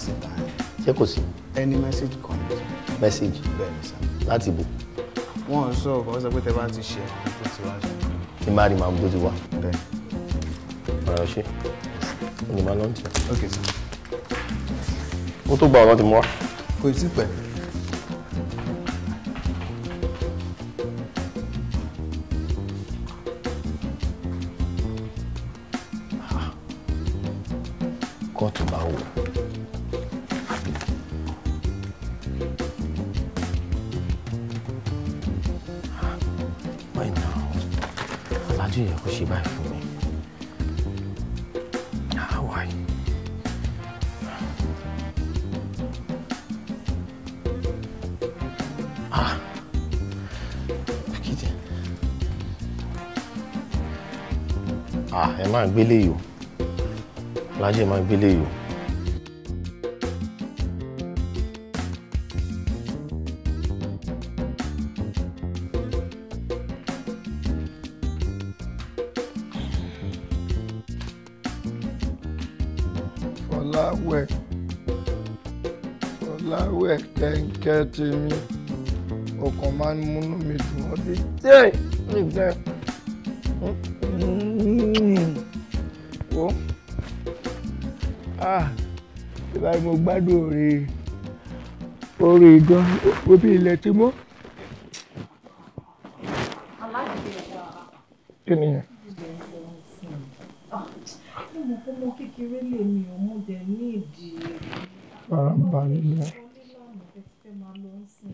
síta ṣé kò sí. ẹni mẹ́sẹ̀gì kan ní. mẹ́sẹ̀gì bẹ́ẹ̀ni sá. láti bò. wọ́n sọ ọ̀kan sọ pé tẹ bá ti ṣe àwọn tó ti wá ṣe. kí má rí màmú tó ti wá. bẹ́ẹ̀. ọ̀rọ̀ ṣe onímọ̀ lọ́ntì. ok sir. ó tó gba ọ̀rọ̀ tí mo wá. kò tí pẹ́. gbélé yìí o alájẹ máa gbélé yìí o. Fọláwẹ̀ Fọláwẹ̀ kẹ̀kẹ́ tèmi ọkàn máa ń múnú mi dùn ọ́ dé. ah ìbáyìí mo gbádùn orin orin gan obi ilẹ̀ ti mọ́. kí ni yẹn. mo ah, fọ́ mọ kékeré lèmi ọmọ dẹ̀ ní ìdí. farabalẹ̀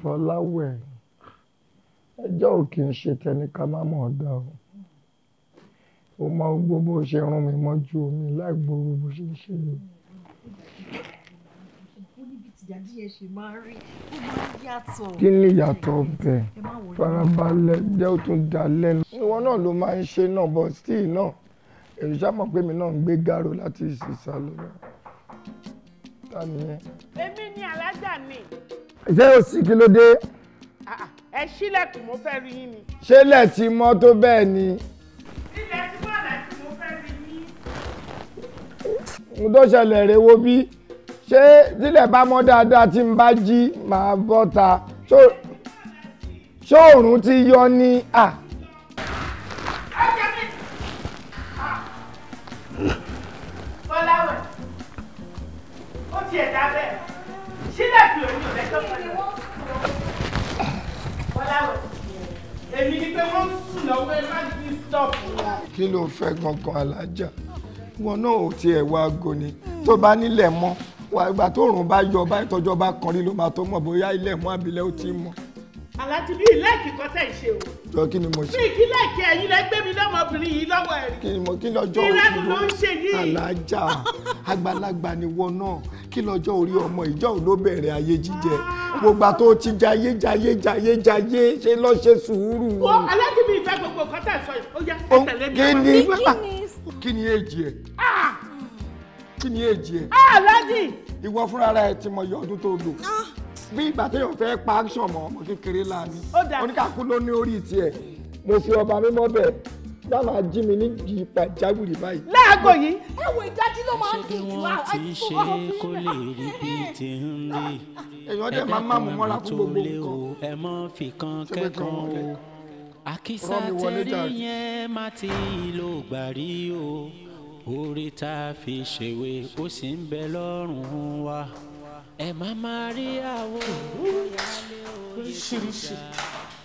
fọláwẹ̀ ẹjọ́ ò kì í ṣe tẹni ká má mọ̀ ọ́ o ó mọ gbogbo bó ṣe rún mi mọ́jú omi láì gbogbo bó ṣe ń ṣe yìí. Ìjàdí yẹn ṣe máa ń rí ó máa ń yàtọ̀. kí ni ìyàtọ̀ bẹ́ẹ̀ farabalẹ̀ jẹ́ ó tún dá lẹ́nu. ìwọ náà ló máa ń ṣe náà but still náà èyí ṣá pé mi náà ń gbé gàrò láti ìsìsàlẹ̀ rẹ̀ èmi ni alájà ni. ṣé o sì kí ló dé. Ah, ah, ẹ ṣílẹ̀kùn mo fẹ́ rí yín ni. ṣé ilẹ̀ ti mọ́ tó bẹ́ẹ̀ ni. ilẹ̀ ti mọ́ àlàyé mo fẹ́ rí yín. mo tó ṣẹlẹ̀ rẹ̀ bí ṣé tílẹ̀ bá mọ́ dáadáa tí n bá jí màá bọ́ ta ṣóòrùn ti yọ ní à. Kí ló fẹ́ gangan alájà? Wọn náà ò tiẹ̀ wá agoni tó bá nílẹ̀ mọ́ wà ìgbà tó rùn bá yọ bá ìtọ́jọ́ bá kọrin ló máa tó mọ̀ bóyá ilẹ̀ mọ́ àbílẹ̀ ó ti mọ̀. aláti bí ìlẹ́ẹ̀kì kan tẹ̀ o. jọ kí ni mo ṣe. bí ìkílẹ̀kì ẹ̀yin lẹ gbé mi lọ́mọbìnrin yìí lọ́wọ́ ẹ̀ kí mo kí lọ́jọ́ orí ìlú ló ń ṣe yìí. alájà àgbàlagbà ni wọ náà kí lọ́jọ́ orí ọmọ ìjọ ló bẹ̀rẹ̀ ayé jíjẹ ah. gbogbo tó ti jayé jayé jayé jayé ṣe lọ ṣe sùúrù. ó aláti bí ìfẹ́ gbogbo kan sọ yìí ó yá ẹ tẹ̀lé mi. kí ni èjì ẹ̀. Ah! kí ni èjì ẹ. Ah, aláàjì. ìwọ fúnra rẹ ti mọ iye ọdún tó lò. Ah. bí ìgbà téèyàn fẹ́ pa action mọ́ ọmọ kékeré la ni. ó dà oníkàkú ló ní orí tiẹ̀ mo fi ọba mímọ́ bẹ̀ dáná jí mi ní di pàjáwìrì báyìí. láago yìí. ẹwọ ìdájí ló máa ń di ìlú àwọn ìṣòro ọ̀hún. kó lè rí bí ti ń rí. èèyàn dẹ̀ máa ń mú mọ́ra fún gbogbo nǹkan. ẹ mọ́ fìkan kẹ́kọ̀ọ́ o àkísà tẹ̀rí yẹn má ti lò gbàrí o orí tá a fi ṣèwé ó sì ń bẹ lọ́rùn wa ẹ má má rí àwo oríṣiríṣi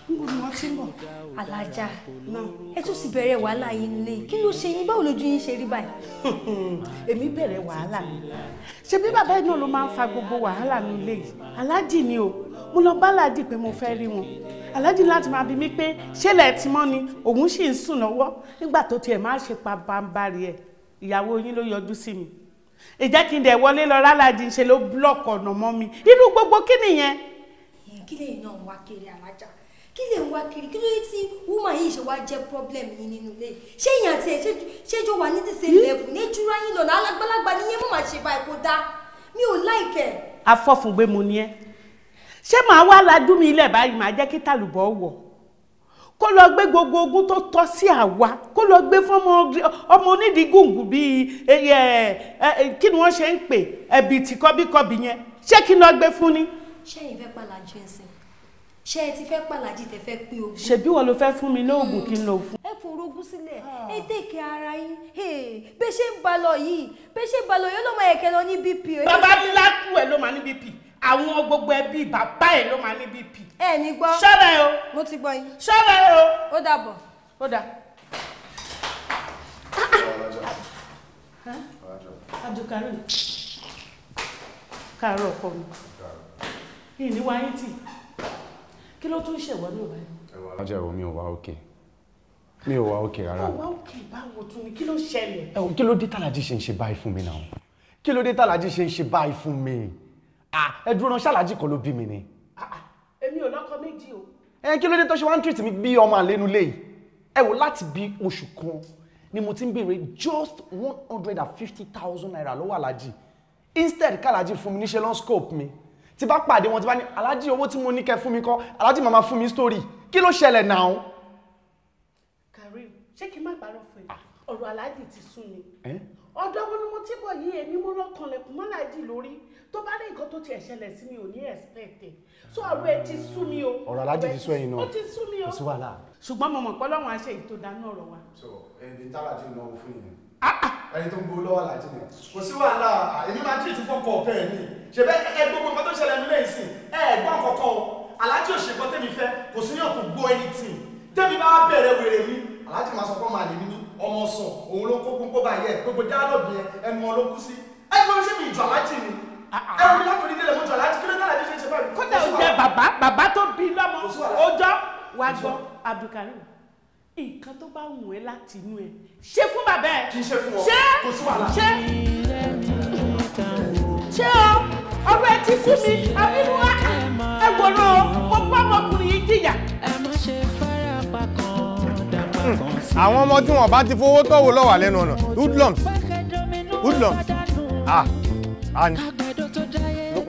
níbo ni wọ́n ti ń bọ̀ alájà náà ẹ tún sì bẹ̀rẹ̀ wàhálà yìí nílé kí ló ṣe yín báwo lójú yín ṣe rí báyìí. èmi bẹ̀rẹ̀ wàhálà mi ṣe bí bàbá yìí ló máa ń fa gbogbo wàhálà mi lé yìí aláàjì ni o mo lọ bá aláàjì pé mo fẹ́ rí wọn aláàjì láti máa bi mí pé ṣé lẹ́ẹ̀ tí mọ́ ni òun sì ń sùn lọ́wọ́ nígbà tó tiẹ̀ máa ṣe pa bámbárí ẹ̀ ìyàwó yín ló yọjú sí mi ìjẹ́ kí n dẹ̀ wọlé lọ rálàjì ṣe ló búlọ̀kì ọ̀nà mọ́ mi irú gbogbo kí nìyẹn. kí lè náà wá kiri alájà kí lè wá kiri kí ló tí woman yìí ṣe wá jẹ problem yìí nínú ilé ṣé ìyàn àti ẹ ṣéjọ wà ní dísè lẹ́bù ní jura yín lọ́nà alágbálagbà níyẹn mọ̀ máa ṣe bá ẹ̀kọ́ dá mi ò láìkẹ́. afọ́fùgbé mo ní ẹ ṣé màá wá lajú mi ilẹ̀ báyìí màá jẹ́ kí tàlùbọ̀ wọ̀ kó lọ gbé gbogbo ogún tó tọ́ sí àwa kó lọ gbé fọmọ ọmọ onídìí gùngùn bíi kí ni wọ́n ṣe ń pè ẹ̀bì tí kọ́bíkọ́bì yẹn ṣé kí lọ gbé fún ni. ṣé ẹ fẹ́ pàlàjì ẹ̀sìn ṣé ẹ ti fẹ́ pàlàjì tẹ fẹ́ pín ogún. ṣebí wọn ló fẹ́ fún mi lóògùn kí n lò fún. ẹ fòrò ogún sílẹ̀ ah. ẹ tẹ̀kẹ́ ara yín bẹ́ ṣe ń ba lọ yìí bẹ́ ṣe ń ba lọ yìí ọlọ́mọ ẹ̀kẹ́ lọ ní bp. bàbá ńlá kú bp àwọn gbogbo ẹbí bàbá ẹ ló máa ní bp ẹ ní gbọ́. ṣọ́ra ẹ o. mo ti gbọ́ yín. ṣọ́ra o. ó dàbọ̀. ó dà. abdulkarim káàárọ̀ ọkọ mi yìí ní wáyé tì kí ló tún ṣẹ̀wọ́ ní òbá yìí. ẹ̀wọ̀n alájà ìwọ mi ò wá òkè mi ò wá òkè rárá. ò wá òkè báwo tún ni kí ló ṣẹlẹ̀. ẹ̀wọ̀n kí ló dé tàlàjì ṣe ń ṣe báyìí fún mi náà kí ló dé tàlàjì ṣe ń ṣe báyìí fún mi ẹ̀dùn ránṣẹ́ alájì kan ló bí mi ni ẹ kí ló dé tó ṣe wá ń treat mi bí ọmọ àlénu léyìí ẹ wò láti bí oṣù kan ni mo ti ń béèrè just one hundred and fifty thousand naira lọ́wọ́ alájì instead kálájì fún mi níṣẹ́ lọ́n scope mi tí bá pàdé wọn tí bá ní alájì owó tí mo ní kẹ́ fún mi kọ́ alájì màmá fún mi story kí ló ṣẹlẹ̀ náà. Karim ṣé kí n má parọ́ fún ẹ ah. ọ̀rọ̀ alájì ti sún mi ọ̀dọ́ wọn ni mo ti bọ̀ yí ẹni mo lọ́kànlẹ̀kùn mọ́lájì lórí tó bá rí nǹkan tó ti ẹ̀ sí mi ò ní expect so ọ̀rọ̀ ẹ ti sú mi o. ọ̀rọ̀ alájì ti sú ẹ̀yin náà ó ti sú mi o. kò sí wàhálà. ṣùgbọ́n mo mọ̀ pé Ọlọ́run á ṣe èyí tó dáná ọ̀rọ̀ wa. so ẹni tálájì ń náwó fún yìí ah, ah. ẹni tó ń gbowó lọ́wọ́ alájì ni kò sí wàhálà èmi máa jí ìtúfọ́ kọ ọ̀pẹ ẹ̀ ní ṣe bẹ́ ẹ gbogbo nǹkan tó ṣẹlẹ̀ nílé ìsìn ẹ gbọ́n kọ̀kọ́ o alájì òṣèkọ́ tẹ́mi fẹ́ kò sí ní òkú mi alájì máa sọ pé ọmọ àlè mi ní ọmọ sùn òun ló kó gbogbo báyẹn gbogbo dáálọ́ọ̀bù yẹn ẹnu mi ìjọ ni wá gbọ́ Abdulkarim nǹkan tó bá wù ẹ́ láti inú ẹ ṣe fún bàbá ẹ kì í ṣe fún ọ kò sí wàhálà ṣe ṣe ọ ọ̀rọ̀ ẹ ti kú mi àbínú wa ẹ wòrò mo bá ọmọkùnrin yìí jìyà. àwọn ọmọ tí wọn bá ti fowó tọ́wọ́ lọ́wọ́ lẹ́nu ọ̀nà hoodlums hoodlums ah and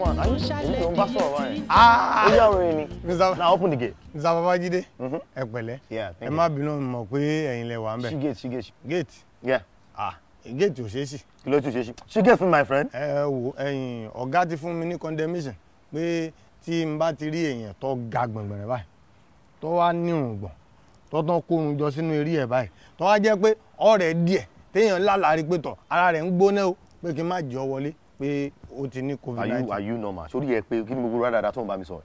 one. Are you èmi ló ń bá sọ̀rọ̀ báyìí? Ah! Ó yà wẹ̀rẹ̀ ni. Now open the gate. Mr. Babajide, mm-hmm. ẹ pẹ̀lẹ́. Yeah. má bínú mọ̀ pé ẹ̀yin lẹ wà ń bẹ̀. Ṣí gate, She gate. Gate. Yeah. Ah gate ò ṣeé ṣì. kí ló tún gate fún my friend. Eh. wo ẹyin ọ̀gá ti fún mi ní condemnation pé tí tiri e ti rí èèyàn tó ga gbọ̀ngbọ̀n To tó wá ní òǹgbọ̀n tó tán kórun jọ sínú eré ẹ̀ báyìí tó wá jẹ́ pé ọ̀rẹ́ díẹ̀ téèyàn lálàárí pé tọ̀ ara rẹ̀ ń gbóná o pé kí n má jẹ́ wọlé pé o ti ní covid nineteen. are you are you normal sórí ẹ pé kí ni gbogbo rádàrà tó ń bá mi sọ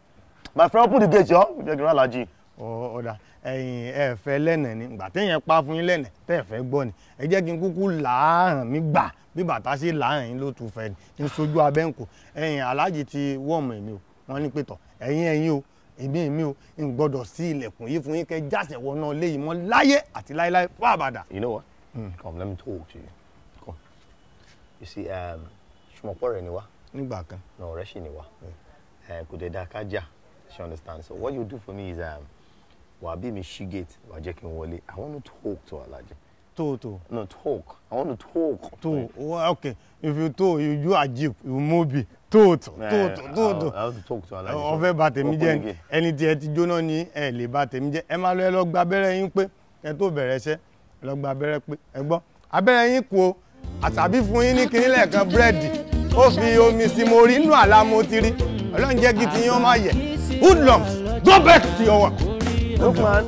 my friend open the gate yọ ìjẹgìrì alájí. ọ̀ọ́dà ẹ̀yin ẹ fẹ́ lẹ́nà ni ìgbà téèyàn pa fún yín lẹ́nà tẹ́ ẹ fẹ́ gbọ́ ni ẹ jẹ́ kí n kúkú làáràn mi gbà bí bàtà ṣe làáràn yín ló tún fẹ́ ni n sojú abẹ́ǹkò ẹ̀yin alájí ti wọ́ọ̀mù èmi o wọ́n ní pétọ̀ ẹ̀yin ẹ̀yin o èmi èmi o n gbọ́dọ̀ sí ilẹ̀kùn yìí fún yín kẹ́ jáṣẹ̀ wọnà léyìí mọ́ láyé àti láéláé fún àbàdà. you know what mm. come let me talk to you come you see um, ṣùgbọ́n pọ̀ ni wá. nígbà kan. na ọ̀rẹ́ sì ni wá kò dẹ̀ da ká jà she understand so what you do for me is um, wà á bí mi ṣí gate wà á jẹ́ kí n wọlé i want to talk to Alhaji. to to. no talk i want to talk. to well, okay if you to you do ajib you move. to to to to i want to talk to Alhaji. ọfẹ bá tèmi jẹ ẹni tí ẹ ti jóná ní ẹ lè bá tèmi jẹ ẹ máa lọ ẹ lọ gba abẹ́rẹ́ yín pé ẹ tó bẹ̀rẹ̀ iṣẹ́ ẹ lọ gba abẹ́rẹ́ pé ẹ gbọ́ abẹ́rẹ́ yín kú o àṣàbí fún yín ní kinní lẹ́ẹ̀kan búrẹ́dì ó fi omi sí mo rí inú àlá mo ti rí ọlọ́run jẹ́ kí ti yín ó máa yẹ hoodlums go back to your work. Lukman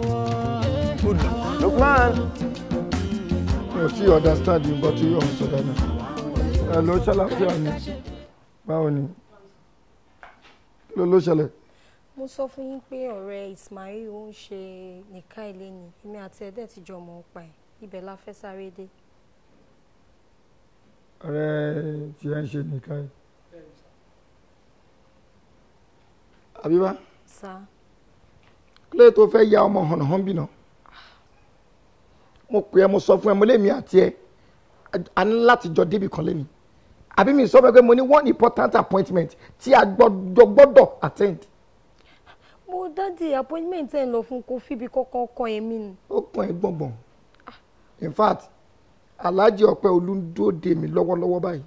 Lukman. mi ò tí ì understand nǹkan tí yóò sọ dáadáa ẹ ló ṣàlàfíà ni báwo ni ló ló ṣẹlẹ̀ mo sọ fún yín pé ọ̀rẹ́ Ismail ń ṣe nìkan ilé ni èmi àti ẹ̀dẹ́ ti jọ mọ̀ ọ́n pa ẹ̀ ibẹ̀ la fẹ́ sáré dé ọ̀rẹ́ tí ẹ ń ṣe nìkan yìí. àbíbá. sá. kílé tó fẹ́ ya ọmọ hànàhàn bìnà mo pè é mo sọ fún ẹ mo lé mi àti ẹ a ní láti jọ débi kan lẹ́nu àbí mi sọ fún ẹ pé mo ní one important appointment tí a gbọ́dọ̀ gbọ́dọ̀ attend mo dáàdi appointment ẹ̀ ń lọ fún kó fíbi kọ́kọ́ kọ́ ẹ̀mí ni. ó kàn ẹ́ gbọ̀ngbọ̀n in fact aláàjì ọpẹ́ olùdóde mi lọ́wọ́lọ́wọ́ báyìí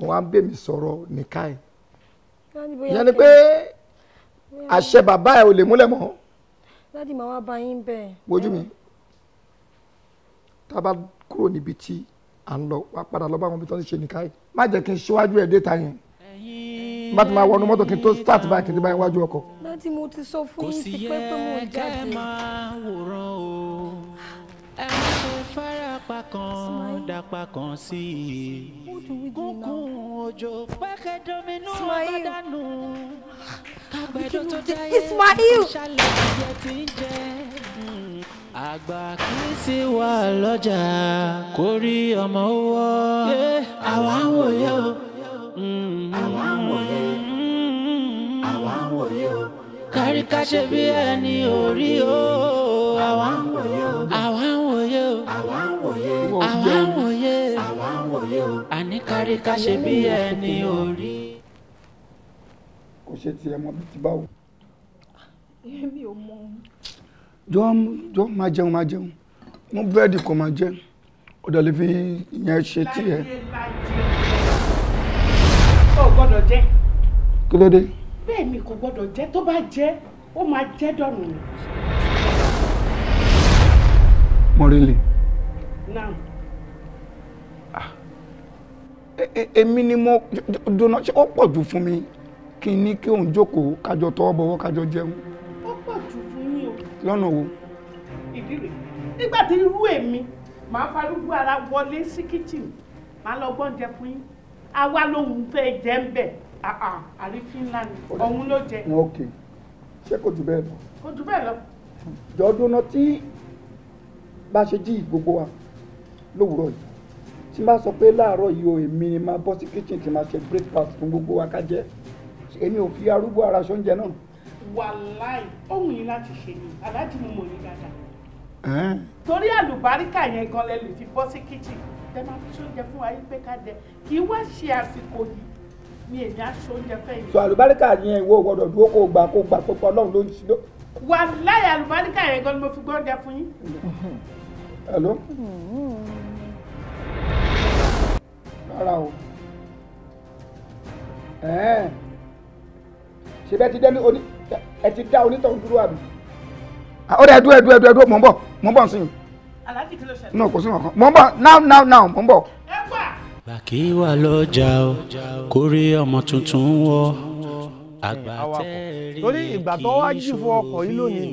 òun á bèmí sọ̀rọ̀ nìka ẹ̀ ìyẹn ni pé àṣẹ bàbá ẹ̀ ò lè múlẹ̀ mọ́. láti máa wá bá yín bẹ́ẹ̀. wojú mi tá a bá kúrò níbi tí à ń lọ wá padà lọ bá wọn bí tó ṣe nìka ẹ̀ má jẹ́ kí n ṣíwájú ẹ̀ déta yẹn bá ti máa wọnú mọ́tò kí n tó start báyìí kí n ti bá yẹn wájú ọkọ̀. láti mo ti sọ fún yín pé pé mo jáde. kò sí yẹ kẹ́ máa wòran o apá kan dapá kan sí i kúnkún òjò pẹ́kẹ́ dominú ọba dànù kágbẹ́dọ́ tó dáyé ìṣàlẹ̀ ìjẹ ti ń jẹ. Hmm, àgbà kì í sì lọ́jà kó ọmọ wọ́ hmm, hmm. àwa ń wòye o àwa ń wòye àwa ń wòye o kárí ká ṣe bí ẹni orí o àwa ń wòye o. òye o àní kárí ká ṣe bí ẹni orí. kò ṣe ti ẹ bí ti báwo. èmi ò mọ. jọ jọ máa jẹun máa jẹun mú búrẹ́dì kan máa jẹ ọ̀dọ̀ lè fi ìyẹn ṣe tí ẹ. o gbọ́dọ̀ jẹ. kí ló dé. bẹ́ẹ̀ mi kò gbọ́dọ̀ jẹ tó bá jẹ ó máa jẹ́ dọ̀rùn. mọ̀rẹ́lì. náà. E, e, èmi ni mo dona ṣe ó pọ̀ jù fún mi kí n ní kí òun jókòó kájọ tọwọ́ bọwọ́ kájọ jẹun. ó pọ̀ jù fún yín o. lọ́nà wo. ìdí rẹ̀ nígbà tí irú èmi màá farúgbó ara wọlé sí kíchìn màá lọ gbọ́njẹ fún yín àwa lòun fẹ́ jẹ́ ń bẹ̀ àrífín ńlá ni òun ló jẹ. wọn ò kè ṣé kò jù bẹ́ẹ̀ lọ. kò jù bẹ́ẹ̀ lọ. jọ̀ọ́ dúná tí bá ṣe jí gbogbo wa lówùúrọ̀ yìí tí n bá sọ pé láàárọ̀ yìí o èmi ni máa bọ́ sí kitchen tí máa ṣe breakfast fún gbogbo wa ká jẹ èmi ò fi arúgbó ara ṣoúnjẹ náà. wàláì ohun yìí láti ṣe ni aláàjì mo mọ̀ ní dáadáa. torí àlùbáríkà yẹn gan lẹ lè fi bọ́ sí kitchen tẹ máa fi ṣoúnjẹ fún wa yìí pé ká jẹ kì í wá ṣe àsìkò yìí ni èmi á ṣoúnjẹ fẹ́ yìí. sọ àlùbáríkà yẹn ìwọ gbọ́dọ̀ dúró kó gbà kó gbà pípa Ọlọ́run ló ń ṣe. wàláì àlùbáríkà yẹn gan ni mo fi gbọ́dọ̀ fún yín rárá o ṣe bẹ́ẹ̀ ti dẹ́ oní ẹ ti dá onítọ̀hún dúró àbí. ó dẹ̀ dúró dúró dúró mò ń bọ̀ mò ń bọ̀ nsìn. aláàjì kí ló ṣẹlẹ̀. náà kò sí nǹkan mò ń bọ̀ now now now mò ń bọ̀. ẹ wà lọ́jà o kò rí ọmọ tuntun wọ àgbà tẹ́ rí kí iṣu òwe torí ìgbà tó wá jí fún ọkọ̀ yìí lónìí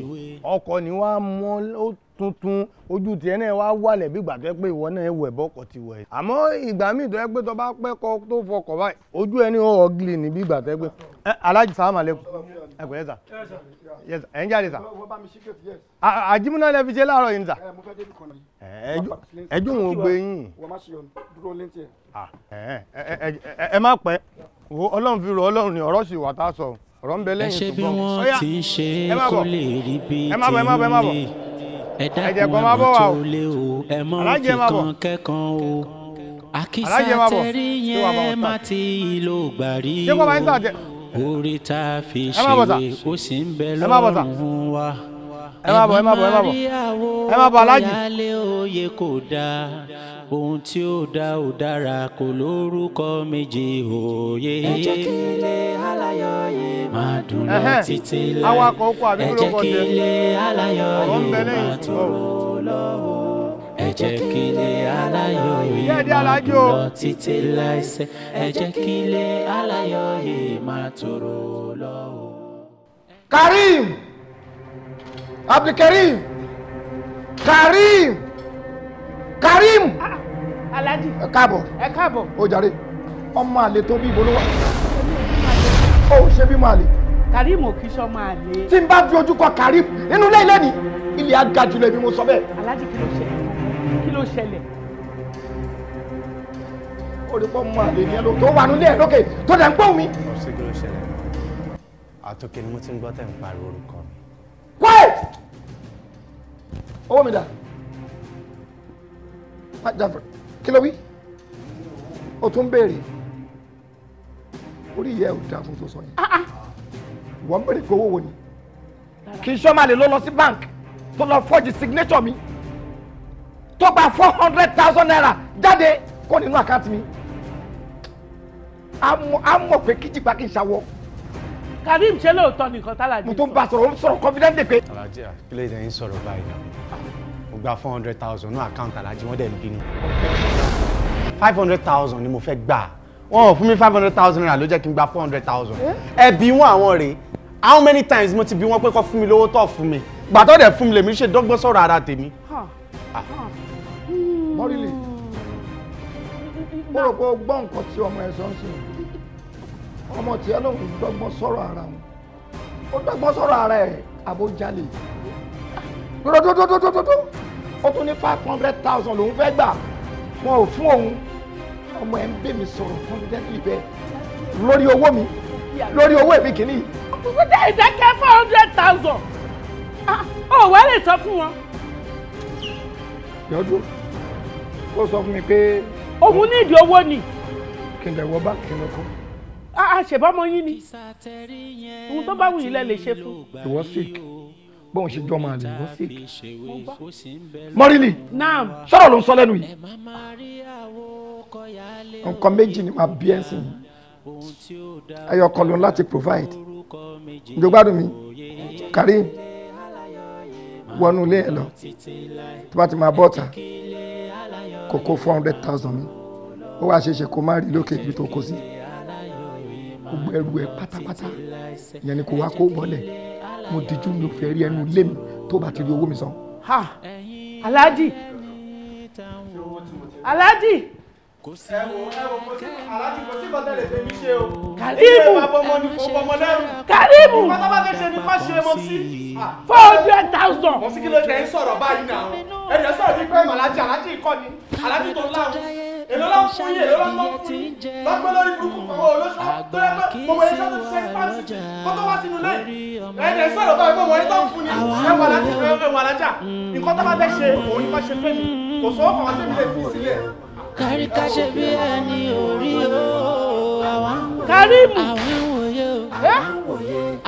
ọkọ̀ ni wàá mọ́ tuntun ojú tiẹ̀ náà wá wálẹ̀ bí ìgbà tó yẹ pé ìwọ náà wẹ̀ bọ́kọ̀ ti wẹ̀. àmọ́ ìgbà míì tó yẹ pé tó bá pẹ́ kọ́ tó fọkọ̀ báyìí ojú ẹni ó ọ̀gìlì ní bí ìgbà tó yẹ pé aláàjì sàlámù alẹ́kùn ẹ kò yẹ sà ẹ ń jáde sà àjìmúná lẹ fi ṣe láàárọ̀ yìí sà ẹjọ́ òun ò gbé yín ẹ má pẹ́ ọlọ́run fi rọ ọlọ́run ní ọ̀rọ̀ sì wà tá a sọ ọ̀rọ̀ ń bẹ lẹ́yìn ṣùgbọ́n ẹ ṣe bí wọ́n ti ṣe kó lè rí bí ti ń lè ẹ dákun àmọ́ tó lé o ẹ mọ́ fi kan kẹ́kan o àkísà tẹ̀rí yẹn má ti ìlò gbàrí o orí tá a fi ṣèwé ó sì ń bẹ lọ́rùn wa ẹ má bọ̀ ẹ má bọ̀ ẹ má bọ̀ ẹ má bọ̀ alájì ohun tí ó dá ò dára kò lórúkọ méjì òye. ẹ jẹ́ kí ilé aláyọ̀ yìí máa dùn lọ títí láì ẹ jẹ́ kí ilé aláyọ̀ yìí máa tòrò lọ́wọ́ ẹ jẹ́ kí ilé aláyọ̀ yìí máa dùn lọ títí láìsẹ̀ ẹ jẹ́ kí ilé aláyọ̀ yìí máa tòrò lọ́wọ́. Karim Abdulkarim Karim. Karim. Ah aláàjì. ẹ káàbọ̀ ẹ káàbọ̀. o jàre ọmọ àlè tó bí ibo ló wà. ó ṣe bí màlè. karim òkì sọ máa lè. tí n bá fi ojú kọ karim nínú ilé ilé ni ilé á ga jùlọ ibi mo sọ bẹ́ẹ̀. aláàjì kí ló ṣẹlẹ̀ kí ló ṣẹlẹ̀. ó rí pọ́ ọmọ àlè ni ẹ ló tó wà nílé ẹ lókè tó dẹ̀ ń gbóhùn mi. mo sì kí ló ṣẹlẹ̀ àtòkè ni mo ti ń gbọ́ tẹ̀ ń pariwo orúkọ mi. quiet owó mi dà kí ló wí o tún béèrè orí ìyá ẹ ò fún tó sọ yẹn ah, ah. ìwọ ń béèrè wo ni kì í sọ́mà lè lọ lọ sí bank tó lọ fọ́ọ̀jì signature mi tó gba four hundred thousand naira jáde kó nínú àkáǹtì mi a mọ̀ pé kí jìgbà kì í ṣàwọ̀. Karim ṣe lóòótọ́ nìkan tálàjì. mo tún bá a sọ̀rọ̀ ó sọ̀rọ̀ confident de pé. alájà kílẹ̀ ìdẹ́yìn sọ̀rọ̀ báyìí gba four hundred thousand ní àkáǹtì alájí wọ́n dẹ̀ ń bínú five hundred thousand ni mo fẹ́ gbà wọn ò fún mi five hundred thousand naira ló jẹ́ kí n gba four hundred thousand ẹ̀bí wọn àwọn rèé how many times mo ti bí wọn pé kó fún mi lówó tó fún mi gbàtọ́ dẹ̀ fún mi lèmi ṣe dọ́gbọ́n sọ̀rọ̀ ara tèmi. Ah. Hmm. mọ́rìlì ó hmm. rò pé ó gbọ́ nǹkan tí ọmọ ẹ sọ ń sìn ọmọ tiẹ̀ lòun dọ́gbọ́n sọ̀rọ̀ ara wọn ó dọ́gbọ́n sọ̀rọ̀ ara ẹ̀ àbójalè ó tún ní five hundred thousand lòún fẹ́ gbà wọn ò fún òun ọmọ ẹ̀ ń bè mí sọ̀rọ̀ confidently bẹ́ẹ̀ lórí owó mi lórí owó èmi kìíní. kúkúté ìdákẹ́ four hundred thousand ọ̀ ah, wá lè sọ fún wọn. yọdún kó sọ fún mi pé. òun ní ìdí owó ni. kí n lè wọ báńkì lọ kó. a ṣèbámọ yín ni ohun tó bá wù yín lẹ lè ṣe fún. ìwọ sick bóun ṣe jọ máa lè wọ́n sí i. mọ́rìlì sọ̀rọ̀ ló ń sọ lẹ́nu yìí. nǹkan méjì ni màá bí ẹ̀sìn yìí ẹyọ kan láti provide ǹjọ́ mi Karim wọnú ilé ẹ lọ tó bá ti máa bọ́ ta kò four hundred thousand mi ó wàá ṣeéṣe kó má rí lókè ibi tó kó sí gbogbo ẹrù ẹ pátápátá ìyẹn ni kò wá kó bọ́lẹ̀ mo dijú mi ò fẹ́ rí ẹnu ilé mi tó bá ti rí owó mi san. ha aláàjì aláàjì. Karimu Karimu four hundred thousand. Mọ̀ sí kí ló dé sọ̀rọ̀ báyìí náà? Ẹ̀jẹ̀ sọ̀rọ̀ bí pé Màlájí Alájí ìkọ́ni, Alájí tó láwọn èlò ló ń fún yìí èlò ló ń fún yìí lọ́gbẹ́ lórí burúkú àwọn olóṣèlú tó yẹ pé gbogbo ẹni tó ti ṣe ìpàdé kó tó wá sínú lẹ́yìn ẹ̀ẹ́dẹ̀ sọ̀rọ̀ báyìí pé wọ́n tó ń fún yìí ẹwà láti ẹwà lájà nǹkan tó bá fẹ́ ṣe òun ni wọ́n ṣe fẹ́ mi kò sọ ọkọ̀ wọn tẹ́lẹ̀ fi sílẹ̀. kárí ká ṣe bí ẹni orí o àwa ń o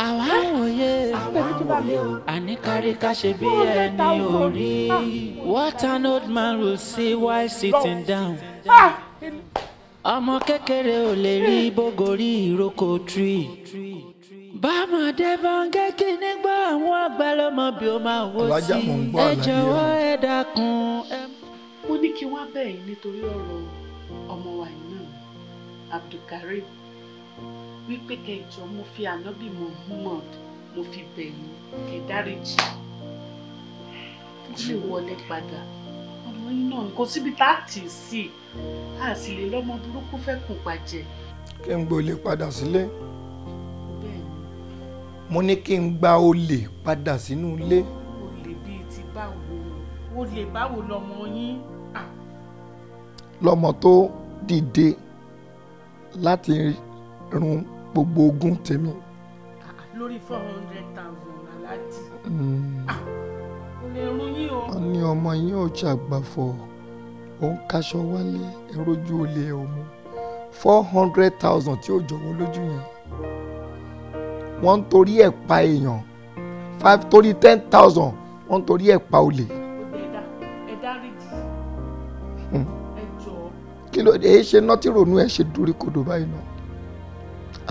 àwa ń wòye o àní kárí ká ṣe bí ẹni orí ah! what an old man will see while sitting down. Ah! ọmọ kékeré ò lè rí bógorí ìrókò tree bámadé bọ́ńgé kí ní gbọ́ àwọn àgbà lọ́mọ bí ó máa wó sí ẹ jọ̀wọ́ ẹ dákun. mo ní kí wọ́n bẹ̀ yín nítorí ọ̀rọ̀ ọmọ wa yìí náà Abdulkareem wípé kẹjọ mo fi ànábì Muhammad mo fi bẹ̀ yín kẹ dáríjì wọlé padà ọmọ yín náà nǹkan síbi tá a tì í sí a sì lè lọ́mọ burúkú fẹ́ kùn pàjẹ́. kí n gbọ́ lè padà sílé mo ní kí n gba olè padà sínú ilé. olè bíi ti báwo olè báwo lọmọ yín. lọmọ tó dìde láti run gbogbo ogún tèmi. lórí four hundred thousand aláàjì. Hmm wọ́n ní ọmọ yín ò ṣàgbàfọ̀ ó ń kaṣọ wálé ẹrójú olè ọmọ four hundred thousand tí ò jọ̀wọ́ lójú yẹn wọ́n ń torí ẹ̀ pa èèyàn five torí ten thousand wọ́n ń torí ẹ̀ pa olè. kí ló dé ṣe ná tí ronú ẹ ṣe dorí kodò báyìí náà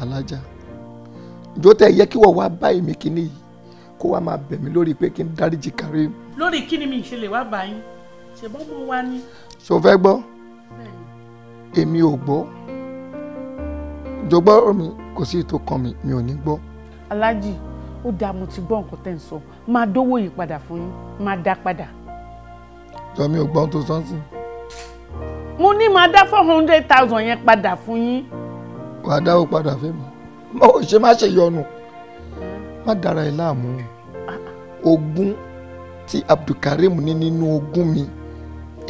alájà ìjọ tẹ yẹ kí wọ́n wá bá èmi kínní yìí kó wá máa bẹ̀ mí lórí pé kí n dáríjì Karim. lórí kí ni mi ṣe lè wá bá yín ṣèbọn mo wá ní. ṣo fẹ́ gbọ́ èmi ò gbọ́ jọgbọ́ mi kò sí ètò kan mi mi ò ní gbọ́. aláàjì ó dáa mo ti gbọ́ nǹkan tẹ́ ń sọ máa dówó yìí padà fún yín máa dá padà. jọ mi ò gbọ́n tó sọ́nsìn. mo ní máa dá four hundred thousand yẹn padà fún yín. wàá dáwó padà fún mi mo ò ṣe má ṣe yọnu má dára ẹ láàmú ogún tí Abdulkareem ní nínú ogún mi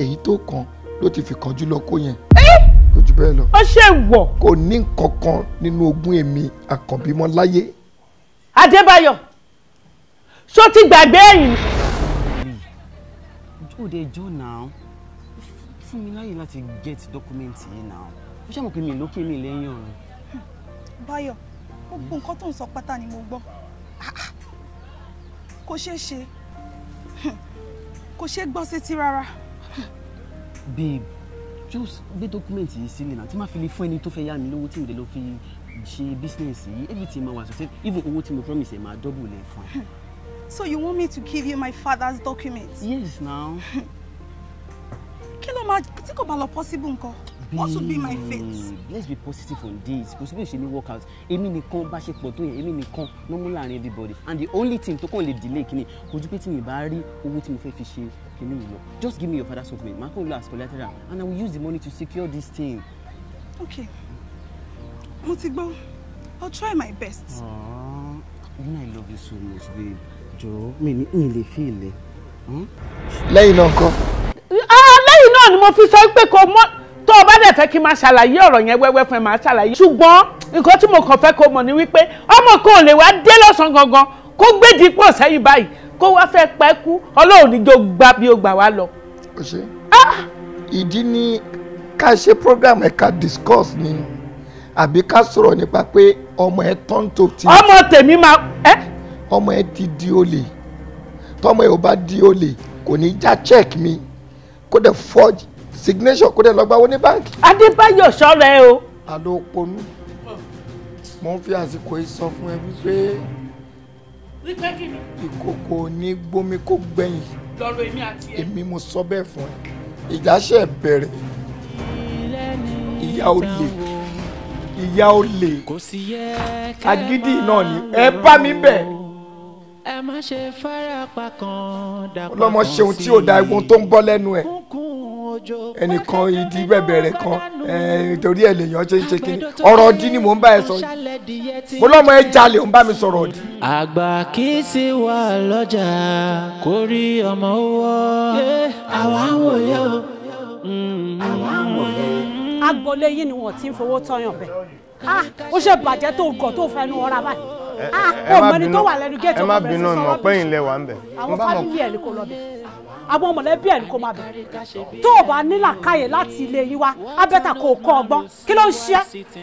èyí tó kàn ló ti fi kánjú lọ kó yẹn kò jù bẹ́ẹ̀ lọ. ó ṣe wọ. kò ní nǹkan kan nínú ogún èmi àkànbímọ láyé. Adébáyọ̀ ṣó ti gbàgbé ẹ̀yìn. òde ìjọ náà fún mi láyè láti get dọ́kúmẹ́ǹtì yìí náà ó ṣàmù pé mi lókè mi lẹ́yìn ọ̀run. Báyọ̀ gbogbo nǹkan tó ń sọ pátá ni mo gbọ́ ah, ah kò ṣeé ṣe kò ṣeé gbọ́ sétí rárá. babe just gbé dọ́kúmẹ̀ntì yìí sílẹ̀ náà tí má fi lè fún ẹni tó fẹ́ yá mi lówó tí mo lè lọ fi ṣe bísínẹ́sì yìí everything máa wà sọ́sẹ́ even owó tí mo promise ẹ̀ máa double lẹ̀ fún ẹ. so you want me to give you my father's documents. yes now. kí ló máa tí kò bá lọ possible nǹkan what will be my fate. Hmm, let's be positive on this kò sí bí ṣe ní workout èmi nìkan bá ṣe pọ̀ tó yẹn èmi nìkan ló mú láàrin everybody and the only thing to kàn lè delay kìíní kò ju pé tí mi bá rí owó tí mo fẹ́ fi ṣe kìíní yìí lọ just give me your father's supplement màá kó lọ as collateral and i will use the money to secure this thing. okay mo ti gbọ́ i'll try my best. Aww. you know i love you so much babe jọ̀ọ́ mi ní ìlè fi ìlè. Hmm? lẹ́yìn náà ńkọ́. Ah, lẹ́yìn náà ni mo fi sọ pé kò mọ́ tó o bá dẹ̀ fẹ́ kí n máa ṣàlàyé ọ̀rọ̀ yẹn wẹ́wẹ́ fún ẹ máa ṣàlàyé ṣùgbọ́n nǹkan tí mo kàn fẹ́ kó mọ̀ ni wípé ọmọ kan ò lè wá dé lọ́sàn-án gangan kó gbèdì pọ̀ sẹ́yìn báyìí kó wá fẹ́ pa ẹ́ kú ọlọ́run ní jó gba bí ó gbà wá lọ. Ah! ìdí ni ká ṣe program ẹ̀ discuss ni àbí ká sọ̀rọ̀ nípa pé ọmọ ẹ tán tó ti. ọmọ tèmi máa ẹ. ọmọ ẹ ti di olè tọmọ ẹ ò bá di olè kò ní já check mi kó dẹ̀ forge signature kó dẹ̀ lọ gbáwó ní báńkì. adébáyọ̀ ṣọ́ra ẹ o. àlọ́ ponú mo ń fi àsìkò yìí sọ fún ẹ wípé ìkòkò ní gbómi kó gbẹ̀yìn lọ́rọ̀ èmi àti ẹ. èmi mo sọ bẹ́ẹ̀ fún ẹ ìjà ṣe bẹ̀rẹ̀ ìyá olè ìyá olè agídí náà ni ẹ bá mi bẹ̀. ẹ má ṣe fara ṣeun tí ò da egun tó ń bọ́ lẹ́nu ẹ̀ ẹnìkan ìdí bẹ̀bẹ̀rẹ̀ kan torí ẹ̀ lèèyàn ṣe ń ṣe kí ọ̀rọ̀ ọdí ni mò ń bá ẹ sọ yìí mo lọ́mọ ẹ jalè ń bá mi sọ̀rọ̀ ọdí. àgbà kì í sì wà lọ́jà kó rí ọmọ wọ́ àwa ń wòye o mm. àwa ń wòye. agboolé yìí ni wọn ti ń fowó tọyàn bẹ ah, ó ṣe bàjẹ́ tó gọ̀ tó fẹnu ọ̀rá báyìí ó ah, mọ ẹni tó wà lẹ́nu géètì ọmọ bẹ̀rẹ̀ sọ́wọ́ bẹ̀rẹ̀ àwọn fámìlì ẹ̀ ni kò lọ bẹ̀ àwọn mọ̀lẹ́bí ẹ̀ ní kó máa bẹ̀ tó o bá ní làkàyè láti ilé yín wá abẹ́ta kò kọ́ ọgbọ́n kí ló ń ṣe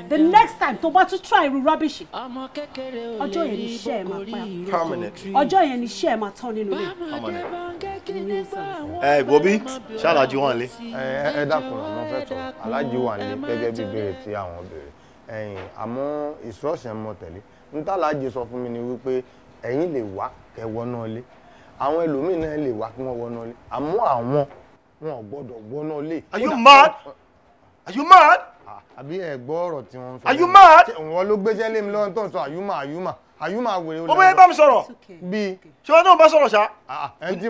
the next time tó bá tún try irú rubbish ọjọ́ yẹn ni iṣẹ́ ẹ̀ máa pa ọjọ́ yẹn ni iṣẹ́ ẹ̀ máa tán nínú rẹ̀. ẹ ìbò bí ṣáàlájú wà nílé. ẹ ẹ dákun ọ̀nà fẹ́ tọ̀ aláàjì wà nílé gẹ́gẹ́ bí ìbéèrè tí àwọn béèrè àmọ́ instruction mo tẹ̀lé ntàlájì sọ fún mi ni wípé ẹ̀yin lè wá kẹwọ́ náà lé àwọn ẹlòmíì náà lè wá kí wọ́n wọná lé àmọ́ àwọn wọn gbọ́dọ̀ wọná lé. are you mad? are you mad? àbí ẹ gbọ́ ọ̀rọ̀ tí wọ́n ń sọ. are you mad? wọ́n ló gbé jẹ́lé mi lọ́wọ́ tó ń sọ àyùmá àyùmá àyùmá wèrè olè. bẹ́ẹ̀ bá mi sọ̀rọ̀ bíi. ṣé wọn náà bá sọ̀rọ̀ ṣá.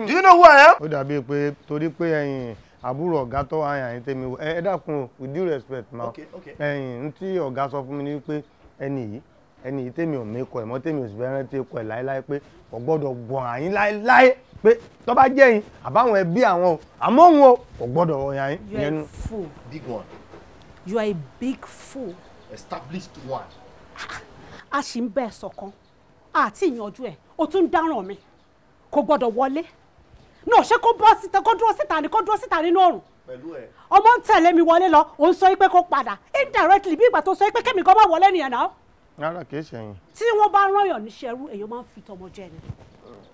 do you know who I am? ó dàbí pé torí pé ẹ̀yin àbúrò ọ̀gá tó àyàn àyìn tẹ́mi ẹ dákun with due respect ma ẹ̀yin ntí ọ̀gá sọ fún mi ni pé ẹni yìí ẹni tèmi ò mí kọ ẹ̀ mọ́ tèmi ò sì fẹ́ rántí kọ ẹ̀ láéláé pé kò gbọ́dọ̀ gbọ̀n àyín láéláé pé tó bá yín àbáwọn ẹbí àwọn o àmọ́ òun o kò gbọ́dọ̀ ọ̀yàn yín. you are a fool. big one. you are a big fool. established one. a sì ń bẹ́ẹ̀ sọ̀kan àti ìyànjú ẹ̀ o tún dáràn mi kò gbọ́dọ̀ wọlé náà ṣé kó bọ́ síta kó dúró síta ni kó dúró síta nínú òrùn pẹ̀lú ẹ̀. ọmọ ń tẹ̀lé mi wọlé lọ òun sọ pé kó padà indirectly bí ìgbà tó sọ pé kẹ́mi kan bá wọlé nìyẹn náà rárá kì í ṣẹ̀yìn. tí wọ́n bá rán yàn níṣẹ́ ẹrú èèyàn máa ń fi tọmọ jẹ ni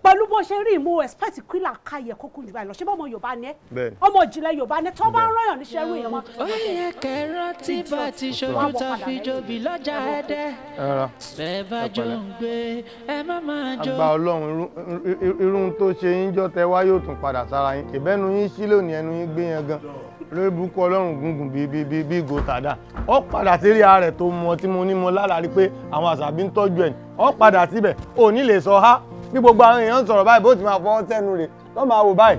pẹ̀lú bó ṣe rí ìmú expect kí là kókó jù báyìí lọ ṣé bọ́ ọmọ yorùbá ni ẹ ọmọ ìjìnlẹ̀ yorùbá ni tó bá rọyàn níṣẹ́ irú èèyàn máa fi ṣe. ó yẹ bá ti ṣojú tó fi jobi lọ́jà ẹ̀dẹ́ bẹ́ẹ̀ bá jọ ń gbé ẹ má máa jó. àgbà ọlọ́run irú tó ṣe yín jọ tẹ yóò tún padà sára yín ìbẹ́nu yín sí lónìí ẹnu yín gbé yẹn gan lórí ọlọ́run gungun bíi bíi gòtàdá ó padà sí rí ara rẹ̀ tó mọ tí mo ní mo lálàá rí pé àwọn àṣàbí ń tọ́jú ẹ̀ ó padà síbẹ̀ ò lè sọ ha bí gbogbo àwọn èèyàn sọ̀rọ̀ báyìí bó ti máa fọwọ́ sẹ́nu rẹ̀ tó máa wò báyìí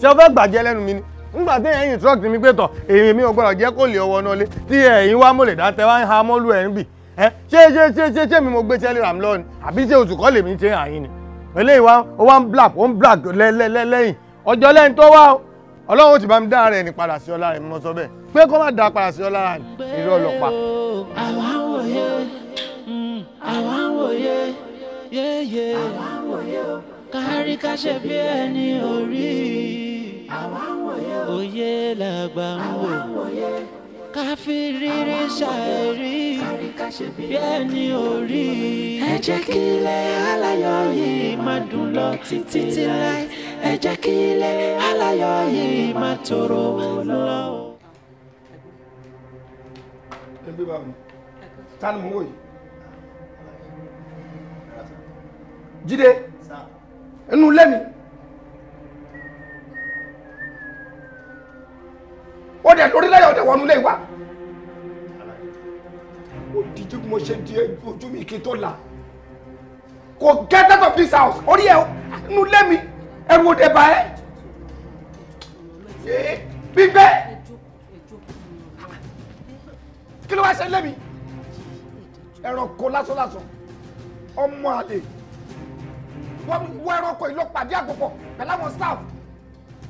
ṣé o fẹ́ gbàjẹ́ lẹ́nu mi ni nígbà tí ẹ̀yin instruct mi pé tọ̀ èmi ò gbọ́dọ̀ jẹ́ kó lè ọwọ́ náà lé tí ẹ̀yin wá mọ̀lẹ̀ dá tẹ́ wá ń ha mọ́lú ẹ̀ ń bì ẹ ṣé ṣé ṣé ṣé ṣé mi mo gbé sẹ́lẹ̀ ràm lọ́ọ̀ni àbí ṣé oṣù kọ́ lèmi ṣe àyìn ni eléyìí wá ó wá ń black ó ń black lẹ́lẹ́lẹ́yìn ọjọ́ lẹ́yìn tó wá ọlọ́run ti bá mi dá rẹ̀ ní padà sí ọlára mi mo sọ bẹ́ẹ̀ pé kó má dá padà sí ọlára mi ìrọ̀lọ́pàá. àwa ń wòye àwa ń yéyé àwa ń wòye o kárí ká ṣe bí ẹni orí àwa ń wòye o òye làgbà ń wò káfírírí ṣàìrí bí ẹni orí. ẹ jẹ́ kí ilẹ̀ aláyọ̀ yìí máa dùn lọ títí láì ẹ jẹ́ kí ilẹ̀ aláyọ̀ yìí máa tòrò lọ. ẹ gbé bá mi tani mo wò yìí. Jide, inú ilé mi ó dẹ̀ orílẹ̀-èdè ọ̀dẹ̀ wọnú ilé wa ó díjú bí mo ṣe di ojú mi kí n tó là kò get out of this house orí ẹ inú ilé mi ẹrù òde bá ẹ gbígbẹ́ kí ló wá ṣe lé mi ẹranko lásán lásán ọmọ àlè wọ́n wọ ẹranko yìí lọ pàdé àgbọ̀pọ̀ pẹ̀lú àwọn staff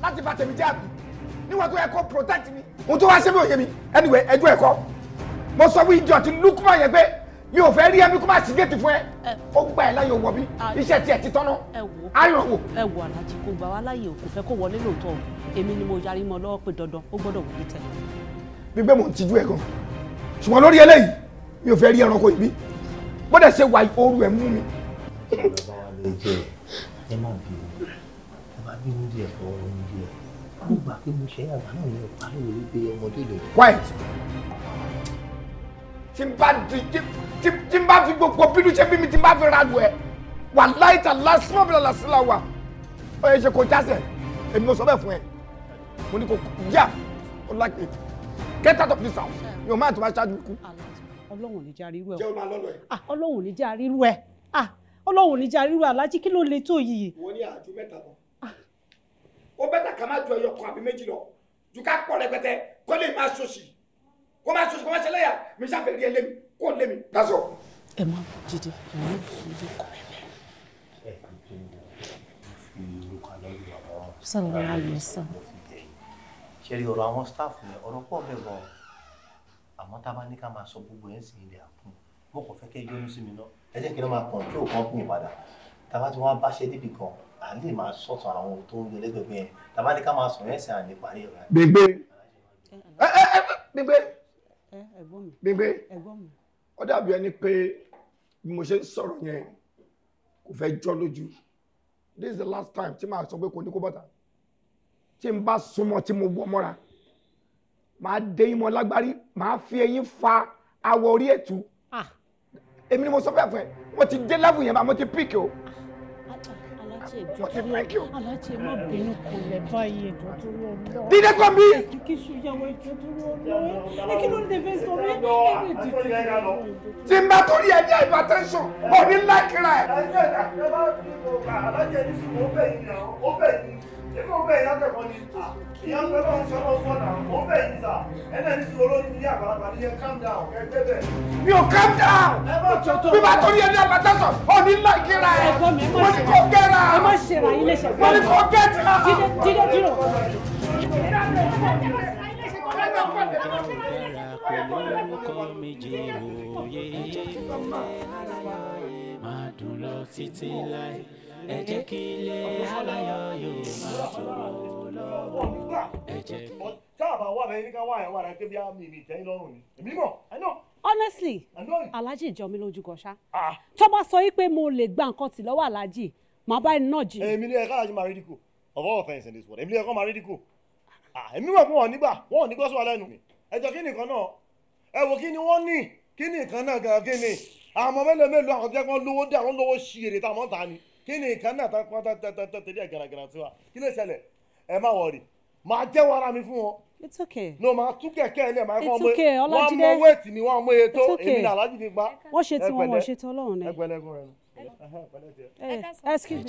láti bá tèmi jẹ́ àbí níwọ̀n tó yẹ kó protect mi. ohun tó wá ṣe mi ò yé mi anyway ẹjọ́ ẹ̀kọ́ mo sọ fún ìjọ tí lukuma yẹn pé mi ò fẹ́ rí ẹ̀mí kó má sí géètì fún ẹ ó gbà ẹ láyè òwò bí iṣẹ́ tiẹ̀ ti tọ́nà ayọ̀ wò. ẹ wò alájí kò gbà wá láyè kò fẹ́ kó wọlé lóòótọ́ o èmi ni mo yarí mọ́ lọ́wọ́ pé dandan ó gbọ́dọ̀ wò ní tẹ̀. gbígbé mò ń tijú ẹ gan ṣùgbọ́n lórí eléyìí mi ò fẹ́ rí ẹranko yìí bí bó dẹ̀ ṣe wà ooru ẹ̀ mú mi ẹ jẹ ẹ má bínú ẹ má bínú díẹ̀ mi díẹ̀ mo gbà pé mo ṣe àgbà náà ní ọ̀pá lórí wípé ọmọdé lè. quiet tí n bá di tí n bá fi gbogbo bínú ṣe bí mi tí n bá fi ra lu ẹ wà láìta lásìmọ́ bí lásìmọ́ la wà ó yẹ ṣe kó jásẹ̀ èmi ò sọ bẹ́ẹ̀ fún ẹ mo ní kò yá ó lákè get out of this house mi ò máa tó bá ṣáájú ikú. ọlọ́run ò ní jẹ́ àrírú ẹ. jẹ́ o máa lọ́lọ́ ẹ. Ah, ọlọ́run ò ní jẹ́ àrírú ẹ. Ah, ọlọ́run níjà ríru alájí kí ló le tó yìí. wọ́n ní àjù mẹ́ta lọ ó bẹ́tà ká má ju ẹyọ kan àbí méjì lọ ju ká pọ̀ rẹpẹtẹ kó lè máa ṣòṣì kó máa ṣòṣì kó máa ṣẹlẹ́yà mi ṣàfẹ́ rí ẹ lémi kó lé mi. dazọ. ẹ má jíde ẹ má jíde kọ sọlá ayọ sọ. ṣe rí ọ̀rọ̀ àwọn staff yẹn ọ̀rọ̀ pọ̀ bẹ́ẹ̀ gan-an tá a bá ní ká máa sọ gbogbo ẹ̀ ń sìn àpò mo kàn fẹ́ kẹ́ yọnu sí mi ẹ jẹ́ kí wọ́n máa control company padà tàbá tí wọ́n bá ṣe débì kan à lè máa sọ̀tọ̀ àwọn tó ń yẹlẹ́gbẹ̀ bí yẹn tàbá ní ká máa sọ̀rọ̀ ẹ̀sìn àní parí ẹ̀ gbígbé gbígbé gbígbé ó dàbí ẹni pé bí mo ṣe ń sọ̀rọ̀ yẹn kò fẹ́ jọ lójú this is the last time tí màá sọ pé kò ní kó bọ́ta tí n bá súnmọ́ tí mo wọ́ mọ́ra màá dé ìmọ̀ lágbárí màá fi eyín fa awọ orí ètù èmi ni mo sọ bẹ́ẹ̀ fún ẹ wọ́n ti dé lábù yẹn bá mo ti píkì o. dídé kan bí. tí n bá tó rí ẹjẹ hypertension ò ní lákìrà ẹ. aláṣẹ ní sùn ó bẹ̀ yín ó bẹ̀ yín èmi ò bẹ̀ látẹ̀kọ́ ni ìyá down ẹgbẹ́ bẹ̀. mi ò calm down bí bá torí ẹni àbájá sọ ńlá ìkíra ẹ wọ́n ti kọ́ gẹ́ra wọ́n ti kọ́ gẹ́ra. dídé dúró. Olórúkọ méje òye máa dùn lọ títí ẹ jẹ́ kí ilé aláyọ̀ yóò máa tòrò lọ́wọ́ ẹ̀jẹ̀ mi. tá I know. honestly alhaji ìjọ mi lójú kan ṣá tó bá sọ pé mo lè gba nǹkan tì lọ́wọ́ alhaji màá bá ẹni jì. èmi ni ẹ̀ka alhaji máa of all offence in this world èmi ni ẹ̀ka máa èmi mọ̀ pé wọ́n nígbà wọ́n ní gbọ́sọ̀ lẹ́nu ẹ̀jọ̀ kí nìkan náà ẹ wo kí ni wọ́n ní kí nìkan náà gan kí ni àmọ́ mélòó mélòó àwọn tó lówó dé àwọn lówó ṣiyèrè táwọn ta ni kí nìkan náà tẹ́lẹ̀ gàràgàrà tiwa kí ẹ má wọrí máa jẹ́wọ́ ara mi fún wọn. it's okay. no máa tú kẹ̀kẹ́ ẹ̀ lẹ̀ máa fọ́ ọmọ e- wọn mọ wéètì ni wọn mọ iye tó èmi náà alájí ni gbá. wọ́n ṣe tí wọ́n wọ́n ṣe tí ọlọ́run ni. ẹgbẹ́lẹ́gùn rẹ̀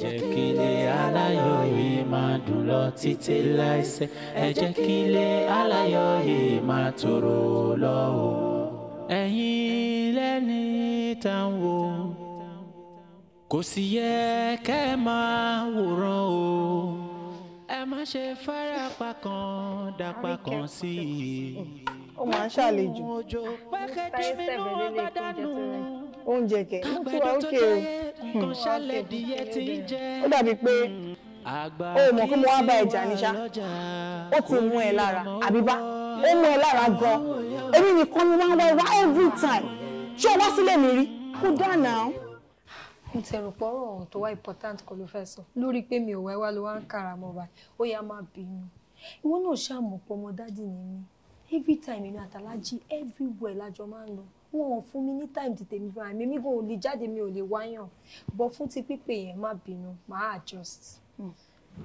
ẹ kí ilé aláyọ̀ yìí máa dùn lọ títí láìsẹ̀ ẹ jẹ́ kí ilé aláyọ̀ yìí máa tòrò lọ o. ẹ̀yin lẹ́ni tá ń kò sì yẹ kẹ́ máa wòran o ẹ má ṣe fara pa kan dapa kan sí i. ó máa ń ṣàlejò. pẹ́kẹ́jẹ́ mi ló wọ́n bá dànù. oúnjẹ kẹ̀ hmm. ń tún wa ókè o. ó dàbí pé ó mọ̀ kí mo wá bá ẹja níṣá ó ti mú ẹ lára àbíbá ó mú ẹ lára gan-an èmi nìkan ni wọ́n wá wá every time ṣé o wá mi rí kó dáa mo ti rò pọ̀ ọ̀rọ̀ tó wá important kan ló fẹ́ sọ lórí pé mi ò wá wá ló wá ń kára mọ́ báyìí ó yá má bínú ìwọ náà ṣàmù pọ̀ ọmọ ni mí every time èmi àtàlájì everywhere lájọ máa ń lọ wọn ò fún mi ní time tètè mi fúnra mi mi gan ò lè jáde mi ò lè wáyàn bọ fún ti pípé yẹn má bínú máa adjust. Hmm.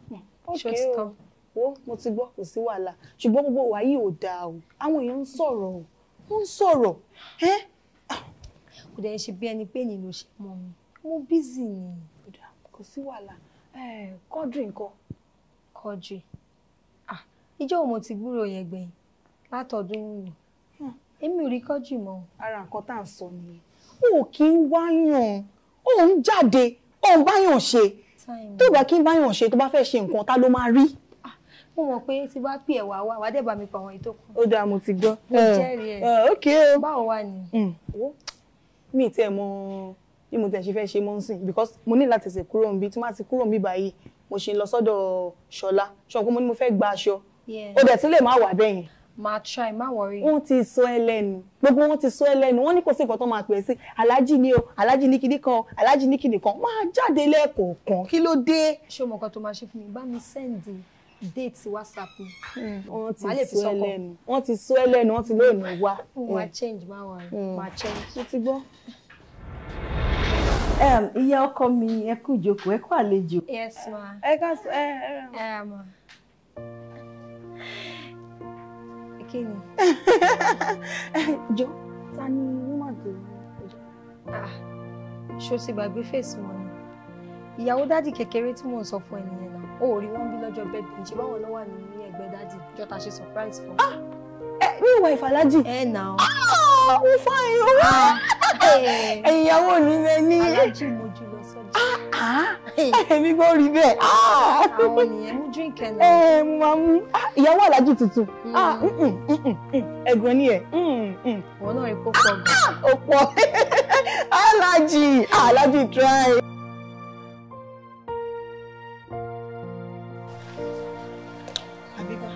Hmm. okay o wo mo ti gbọ́ kò sí wàhálà ṣùgbọ́n gbogbo wàyí ò dáa o àwọn èèyàn ń sọ̀rọ̀ o ń sọ̀rọ̀ kò dẹ̀ ṣe bí ẹni pé ènìyàn ló ṣe mọ́ mi mo bízì ni kò sí wàhálà kọ́dìrì nǹkan. kọ́dìrì ìjọ́ òun mo ti gbúrò yẹn gbẹ̀yìn látọ̀dún wò hmm. èmi ò rí kọ́dìrì mọ́. ara nǹkan tá à ń sọ nìyẹn. o kì í wáyàn o ń jáde o ń báyàn ṣe tó bá kí n báyàn ṣe tó bá fẹ́ ṣe nǹkan ta ló máa rí ah, mo mọ̀ pé tí bá pè ẹ̀ wá wá wàá dẹ̀ mi pa àwọn ètò kan. ó dáa mo ti gbọ́. mo jẹ́rìí ẹ̀. Eh, eh, báwo wà ní. Hmm. mi ì tẹ́ mọ bí mo tẹ̀ ṣe fẹ́ ṣe mọ́ ń sìn because mo ní láti ṣe kúrò níbi tí má ti kúrò níbi báyìí mo ṣe ń lọ sọ́dọ̀ ṣọlá ṣọkún mo ní mo fẹ́ gba aṣọ ó dẹ̀ tí lè má wà bẹ́yìn. máa try má wọrí. wọ́n ti sọ ẹ lẹ́nu gbogbo wọn ti sọ ẹ lẹ́nu wọ́n ní kò sí nǹkan tó máa pè é sí aláàjì ni o aláàjì ní kinní kan aláàjì ní kinní kan máa jáde lẹ́ẹ̀kọ̀ọ̀kan kí ló dé. ṣé o mọ̀ nǹkan tó máa ṣe fún mi bá mi sẹ́ǹdì déètì whatsapp mi. Hmm, wọ́n ti sọ ẹ lẹ́nu wọ́n ti sọ ẹ lẹ́nu wọ́n ti lóòní wá. Oh, hmm. máa change má wọrí hmm. máa change. mo ti gbọ́ ìyá ọkọ mi ẹ kú ìjókòó ẹ kú àlejò. yes ma. ẹ ká sọ ẹ ẹ rẹ mọ. kí ni. jọ ta ni woman tó ah, ṣó ti gbàgbé fèsì wọn ni ìyàwó dádì kékeré tí mò ń sọ fún ẹ nìyẹn náà ó rí wọn bí lọ́jọ́ bẹ́ẹ̀dì ṣe báwọn lọ wà ní ẹgbẹ́ dádì jọ ṣe surprise fún. ẹ ní ah, ìwà ìfàlájì. ẹ nà ó. ó fà yín ó ìyàwó mi lẹ ní. alájí mo jù lọ sọ́jà. èmi ah, ah. gbọ́ rí bẹ́ẹ̀. Ah. àwọn nìyẹn mú drink ẹ̀ náà. ẹ mo máa mú ìyàwó alájí tuntun. Hmm. Mm, mm, mm, ẹ̀gbọ́n ni ẹ̀. òun náà rí kó pọ̀ gan. ó pọ̀ alájí alájí try. àbíbá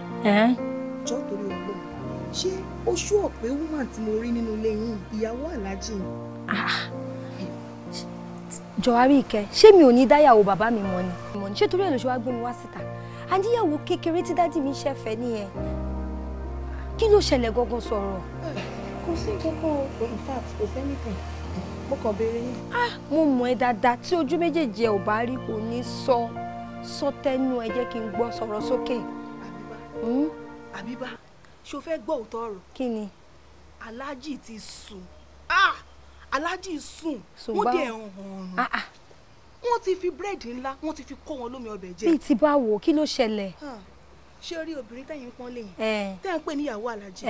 jọ́ torí ọgbọ́n ṣé ó ṣú ọ̀pẹ woman tí mo rí nínú ilé yín ìyàwó aláàjì. Ah, jọ̀wárí ìkẹ́ ṣé mi ò ní dáyàwó bàbá mi mọ́ ni ṣé torí ẹ̀ ló ṣe wá gbé mi wá síta àníyàwó kékeré tí dádì mi ṣẹ̀fẹ̀ nìyẹn kí ló ṣẹlẹ̀ gangan sọ̀rọ̀. kò sí kankan o in fact kò sẹ́nìkan mo kàn béèrè yín. Ah, mo mọ̀ ẹ́ dáadáa tí ojú méjèèjì ẹ ò bá rí kò ní sọ sọ tẹnu ẹ jẹ́ kí n gbọ́ sọ̀rọ̀ sókè. àbíbá hmm? àbíbá ṣo fẹ́ gbọ́ òótọ́ ọ̀rọ̀. kí ni. aláàjì ti sùn ah! aláàjì sùn wọ́n dẹ̀ ọ̀hún ah, ah. wọ́n ti fi búrẹ́dì ńlá wọ́n ti fi kó wọn lómi ọbẹ̀ jẹ. bíi ti báwo kí ló ṣẹlẹ̀. ṣé rí obìnrin tẹ̀yìn pọ́n lẹ́yìn tẹ̀ ń pè níyàwó aláàjì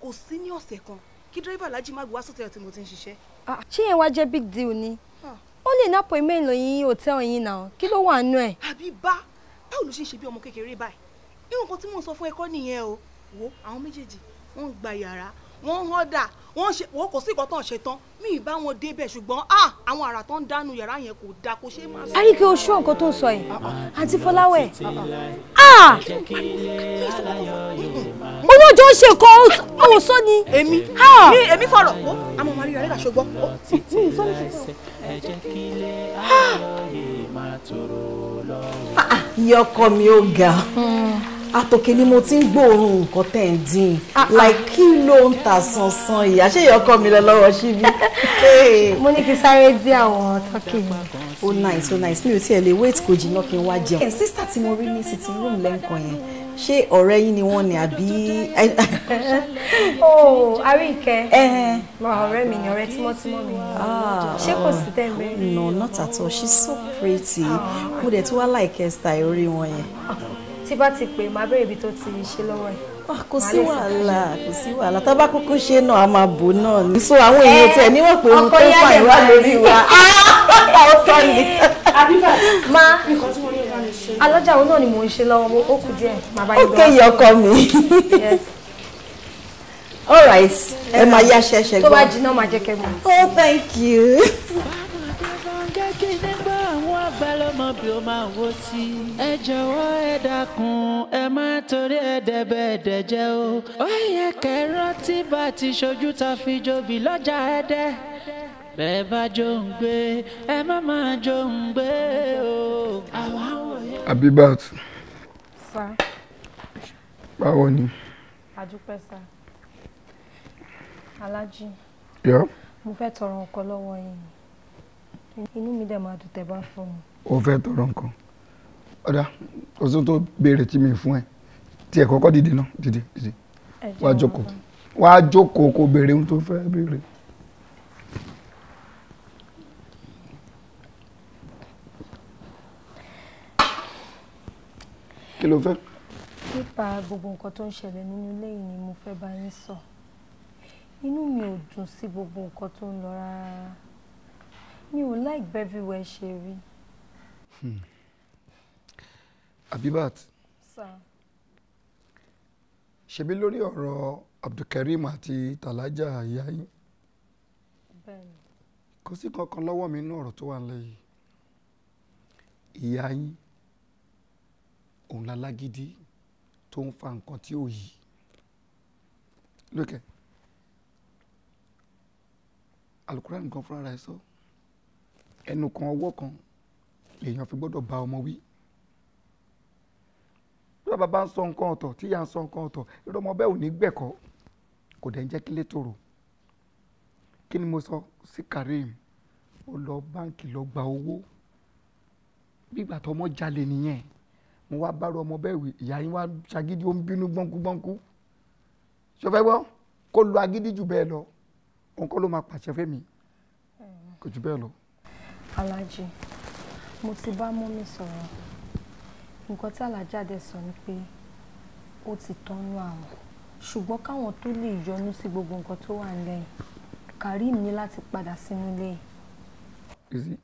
kò sí ní ọ̀sẹ̀ kan kí dírẹ́fà aláàjì má gbé sọ́tẹ̀ tí mo ti ń ṣiṣẹ́. ṣé yẹn wá jẹ́ big deal ni ó lè ná pọ̀ email yín hòtẹ́ẹ̀lì yín náà kí ló wà nú ẹ̀. àbí bá báwo ló ṣe ń ṣe bí ọmọ kékeré báyìí irun kan tí mò ń sọ fún ẹkọ nìyẹn o wo àwọn méjèèjì wọ́n gba yàrá wọ́n ń họ́dà wọ́n ṣe wọ́n kò sí nǹkan tán ṣe tán mí ì bá wọn débẹ̀ ṣùgbọ́n ah, àwọn àrà tán dánú yàrá yẹn kò dáa kó ṣe é máa sọ. àríkè oṣù nǹkan tó ń sọ yìí àti fọláwẹ̀ ah! owó jọ ń ṣe nǹkan owó sọ ni. èmi ní ah! èmi fọ̀rọ̀ o àmọ́ màá rí yàrá ìgbà ṣùgbọ́n o mi ì sọ ní ṣùgbọ́n. ìyọkọ mi ò ga. Hmm àtòkè ni mo ti ń gbóòórùn nǹkan tẹ̀ ń dín ah, ah. like kí ló ń ta sansan yìí àṣeyẹ ọkọ mi lọ lọ́wọ́ síbi. mo ní kí sáré dín àwọn tọ́kì mi. ó nice ó oh, nice mi ò tiẹ̀ lè wait kò jìnnà kí n wá jẹun. ẹ̀ sísítà tí mo rí ní sitting room lẹ́ǹkan yẹn ṣé ọ̀rẹ́ yín ni wọ́n ni àbí. ooo oh, Àríkẹ́ ọ̀rẹ́ mi ni ọ̀rẹ́ tímọ́tímọ́ mi ah. ṣé kò sí tẹ̀lé. no not at all she's so pretty mo dẹ̀ tún wá láìkẹ́ style orí wọn yẹn tí bá ti pè máa bẹ̀rẹ̀ ibi tó ti ṣe lọ́wọ́ ẹ̀. Ah, kò sí wàhálà kò sí wàhálà tá bá kúkú ṣe náà a máa bò náà ni. so àwọn èèyàn tẹ níwọ̀n pé ohun tó fà wá lórí wa ah, ó tọ́ ni. má alọ́jà òun náà ni mò ń ṣe lọ́wọ́ ó kù díẹ̀ máa bá yín gbọ́. ó kéye ọkọ mi all right ẹ máa yá ṣẹṣẹ gbọ́. tó bá jiná máa jẹ́ kẹ́ oh thank you ọpẹ́ ló mọ bí ó máa wó sí. ẹ jọ̀wọ́ ẹ dákun ẹ má torí ẹ̀ẹ́dẹ́gbẹ́ ẹ̀dẹ́jẹ́ o. ó yẹ kẹ́rọ́ tí bá ti ṣojú ta fi jobi lọ́jà ẹ̀dẹ́ bẹ́ẹ̀ bá jó ń gbé ẹ má máa jó ń gbé o. Abibat. Sá. Báwo ni? Àdúpẹ́ sá. Alájí. Yọ. Mo fẹ́ tọrọ nǹkan lọ́wọ́ yín inú mi dẹ̀ máa dùn bá fún mi. o fẹ́ tọrọ nǹkan ọ̀dà ọ̀sán tó béèrè tí mi fún ẹ tí ẹ kọ́kọ́ dìde náà dìde dìde wá jókòó wá jókòó kó béèrè ohun tó fẹ́ béèrè. kí ló fẹ́. nípa gbogbo nǹkan tó ń ṣẹlẹ̀ nínú ilé yìí ni mo fẹ́ bá yín sọ inú mi ò dùn sí gbogbo nǹkan tó ń lọ rárá mi ò like bẹ́fíwẹ̀ ṣe rí. Hmm. Abibat ṣebí lórí ọ̀rọ̀ Abdulkareem àti Talaja ìyá yín kò sí kankan lọ́wọ́ mi nínú ọ̀rọ̀ tó wà nílẹ̀ yìí ìyá yín òun lálágídí tó ń fa nǹkan tí ò yìí lókè Alukuran nǹkan fúnra rẹ̀ sọ. So ẹnu kan ọwọ́ kan lèèyàn fi gbọ́dọ̀ bá ọmọ wí lọ́dọ̀ bàbá ń sọ nǹkan ọ̀tọ̀ tíyà ń sọ nǹkan ọ̀tọ̀ irú ọmọ bẹ́ẹ̀ ò ní gbẹ̀kọ́ kò dẹ̀ ń jẹ́ kí lè tòrò kí ni mo sọ sí Karim ó lọ báǹkì lọ gba owó bígbà tó ọmọ jalè nìyẹn mo wá bá ru ọmọ bẹ́ẹ̀ wí ìyá yín wá ṣagídí ó ń bínú gbọ́nkúgbọ́nkú ṣọfẹ́ gbọ́ kó lo agídí jù bẹ́ẹ̀ lọ òun kọ́ ló máa pàṣẹ fẹ́mi kò jù bẹ́ẹ̀ lọ. Alaji, mo ti bá mọ́mí sọ̀rọ̀ nǹkan tí alájáde sọ ni pé ó ti tọ́nú àwọn ṣùgbọ́n káwọn tó lè yọnu sí gbogbo nǹkan tó wà lẹ́yìn karim ní láti padà sínú lẹ́yìn.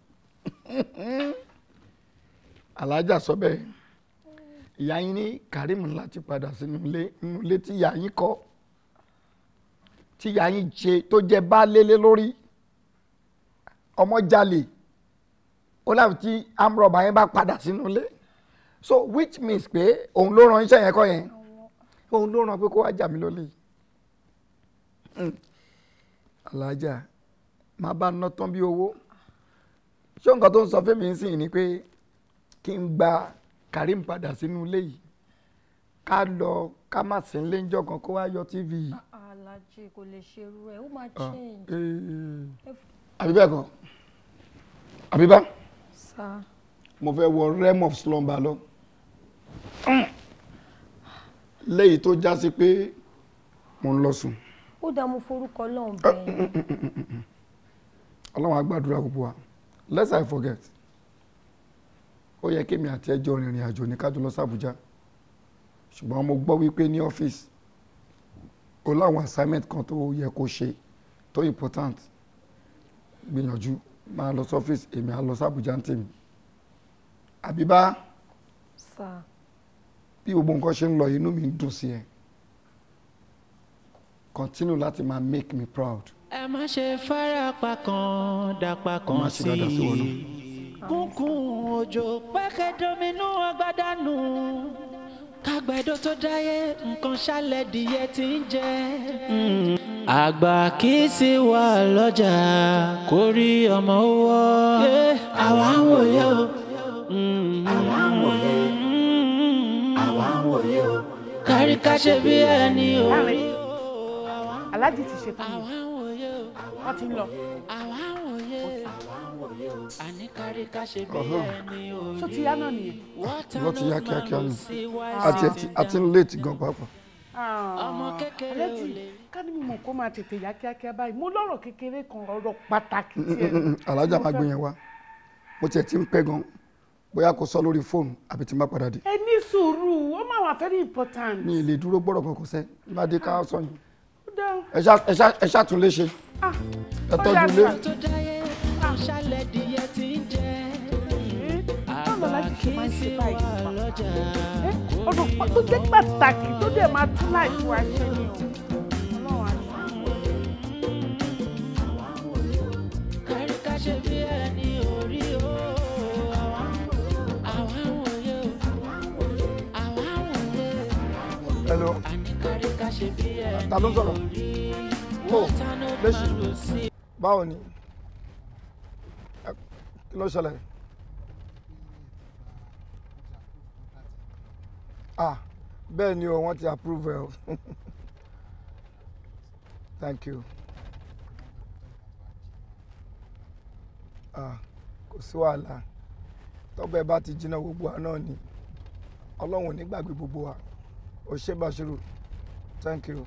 alájà sọ bẹ́ẹ̀ ìyá yín ní karim láti padà sínú ilé inú ilé tí ìyá yín kọ́ tí ìyá yín ṣe tó jẹ bá lélé lórí ọmọ jalè ó láti tí amúrọ̀bà yẹn bá padà sínú ilé so which means pé òun ló ran iṣẹ́ yẹn kọ́ yẹn òun ló ran pé kó wá jà mí lólè hmm. alájà má bá ná tán bí owó ṣé nǹkan tó ń sọ fẹ́mi ń sìn ni pé kí n gba Karim padà sínú ilé yìí ká lọ ká má sí ilé ńjọ́ kan kó wá yọ tv yìí. alájì kò lè ṣerú ẹ ó máa ah, change. Eh, eh, eh. àbí bẹ́ẹ̀ kan àbí bá mo fẹ́ wọ realm of slumber lọ léyìí tó já sí pé mo ń lọ sùn. ó dá mo forúkọ ọlọ́run ah, bẹ́ẹ̀. Mm, mm, mm, ọlọ́run á gbàdúrà wa lest i forget ó yẹ kémi àti ẹjọ́ rìnrìn àjò ní kájọ lọ sí àbújá ṣùgbọ́n mo gbọ́ wípé ní ọ́fíìsì o láwọn assignment kan tó yẹ kó ṣe tó important gbìyànjú máa lọ sọ́fíìsì èmi á lọ sábùjá ń tèmi àbíbá bí gbogbo nǹkan ṣe ń lọ inú mi ń dùn sí ẹ continue láti máa make me proud. ẹ má ṣe fara pa kan dàpá kan sí i kúnkún òjò pẹ́kẹ́ dominú ọgbàdánù kágbàdo tó dáyé nǹkan ṣálẹ̀ dìyẹ ti ń jẹ. Mm. àgbà kì í sì wà lọ́jà kó rí ọmọ wọ́. Eh, àwa ń wòye o mm. àwa ń wòye mm. àwa ń wòye o kárí ká ṣe bí ẹni o. aláàjì ti ṣe fún mi wọ́n ti ń lọ. àwa ń wòye o àní kárí ká ṣe bí ẹni òní. sọtí yá náà nìyẹn. wọ́n ti yá kíákíá nù àti ń léètì gan pàápàá. ọmọ kékeré ò lè. ká ní mímọ kó máa tètè yá kíákíá báyìí mo lọ́rọ̀ kékeré kan ọ̀rọ̀ pàtàkì tiẹ̀. alájà máa gbé yẹn mo tiẹ̀ ti ń pẹ́ gan bóyá kò sọ lórí fóònù àbí tí n bá padà dé. ẹ ní sùúrù ó máa wà very important. mi ì lè dúró gbọ́dọ̀ kankan sẹ́ bá dé ká sọ yìí ẹ ṣàtúnlé ṣe ah, ẹ tọ́jú ilé ṣálẹ̀ díẹ̀ tí ń jẹ́ hmm? àbàkí sí wa lọ́jà. Hmm? ọ̀rọ̀ kan jẹ́ pàtàkì tó dẹ̀ máa tún láìpẹ́ wá ṣe ni o. ṣe bí ẹni o àwa oh, báwo ni kí ló ṣẹlẹ̀. ah bẹ́ẹ̀ ni o wọ́n ti approve ẹ o thank you ah kò sí wàhálà tọ́gbẹ́ bá ti jiná gbogbo wa náà ni ọlọ́run ò ní gbàgbé gbogbo wa o ṣé Bashiru thank you.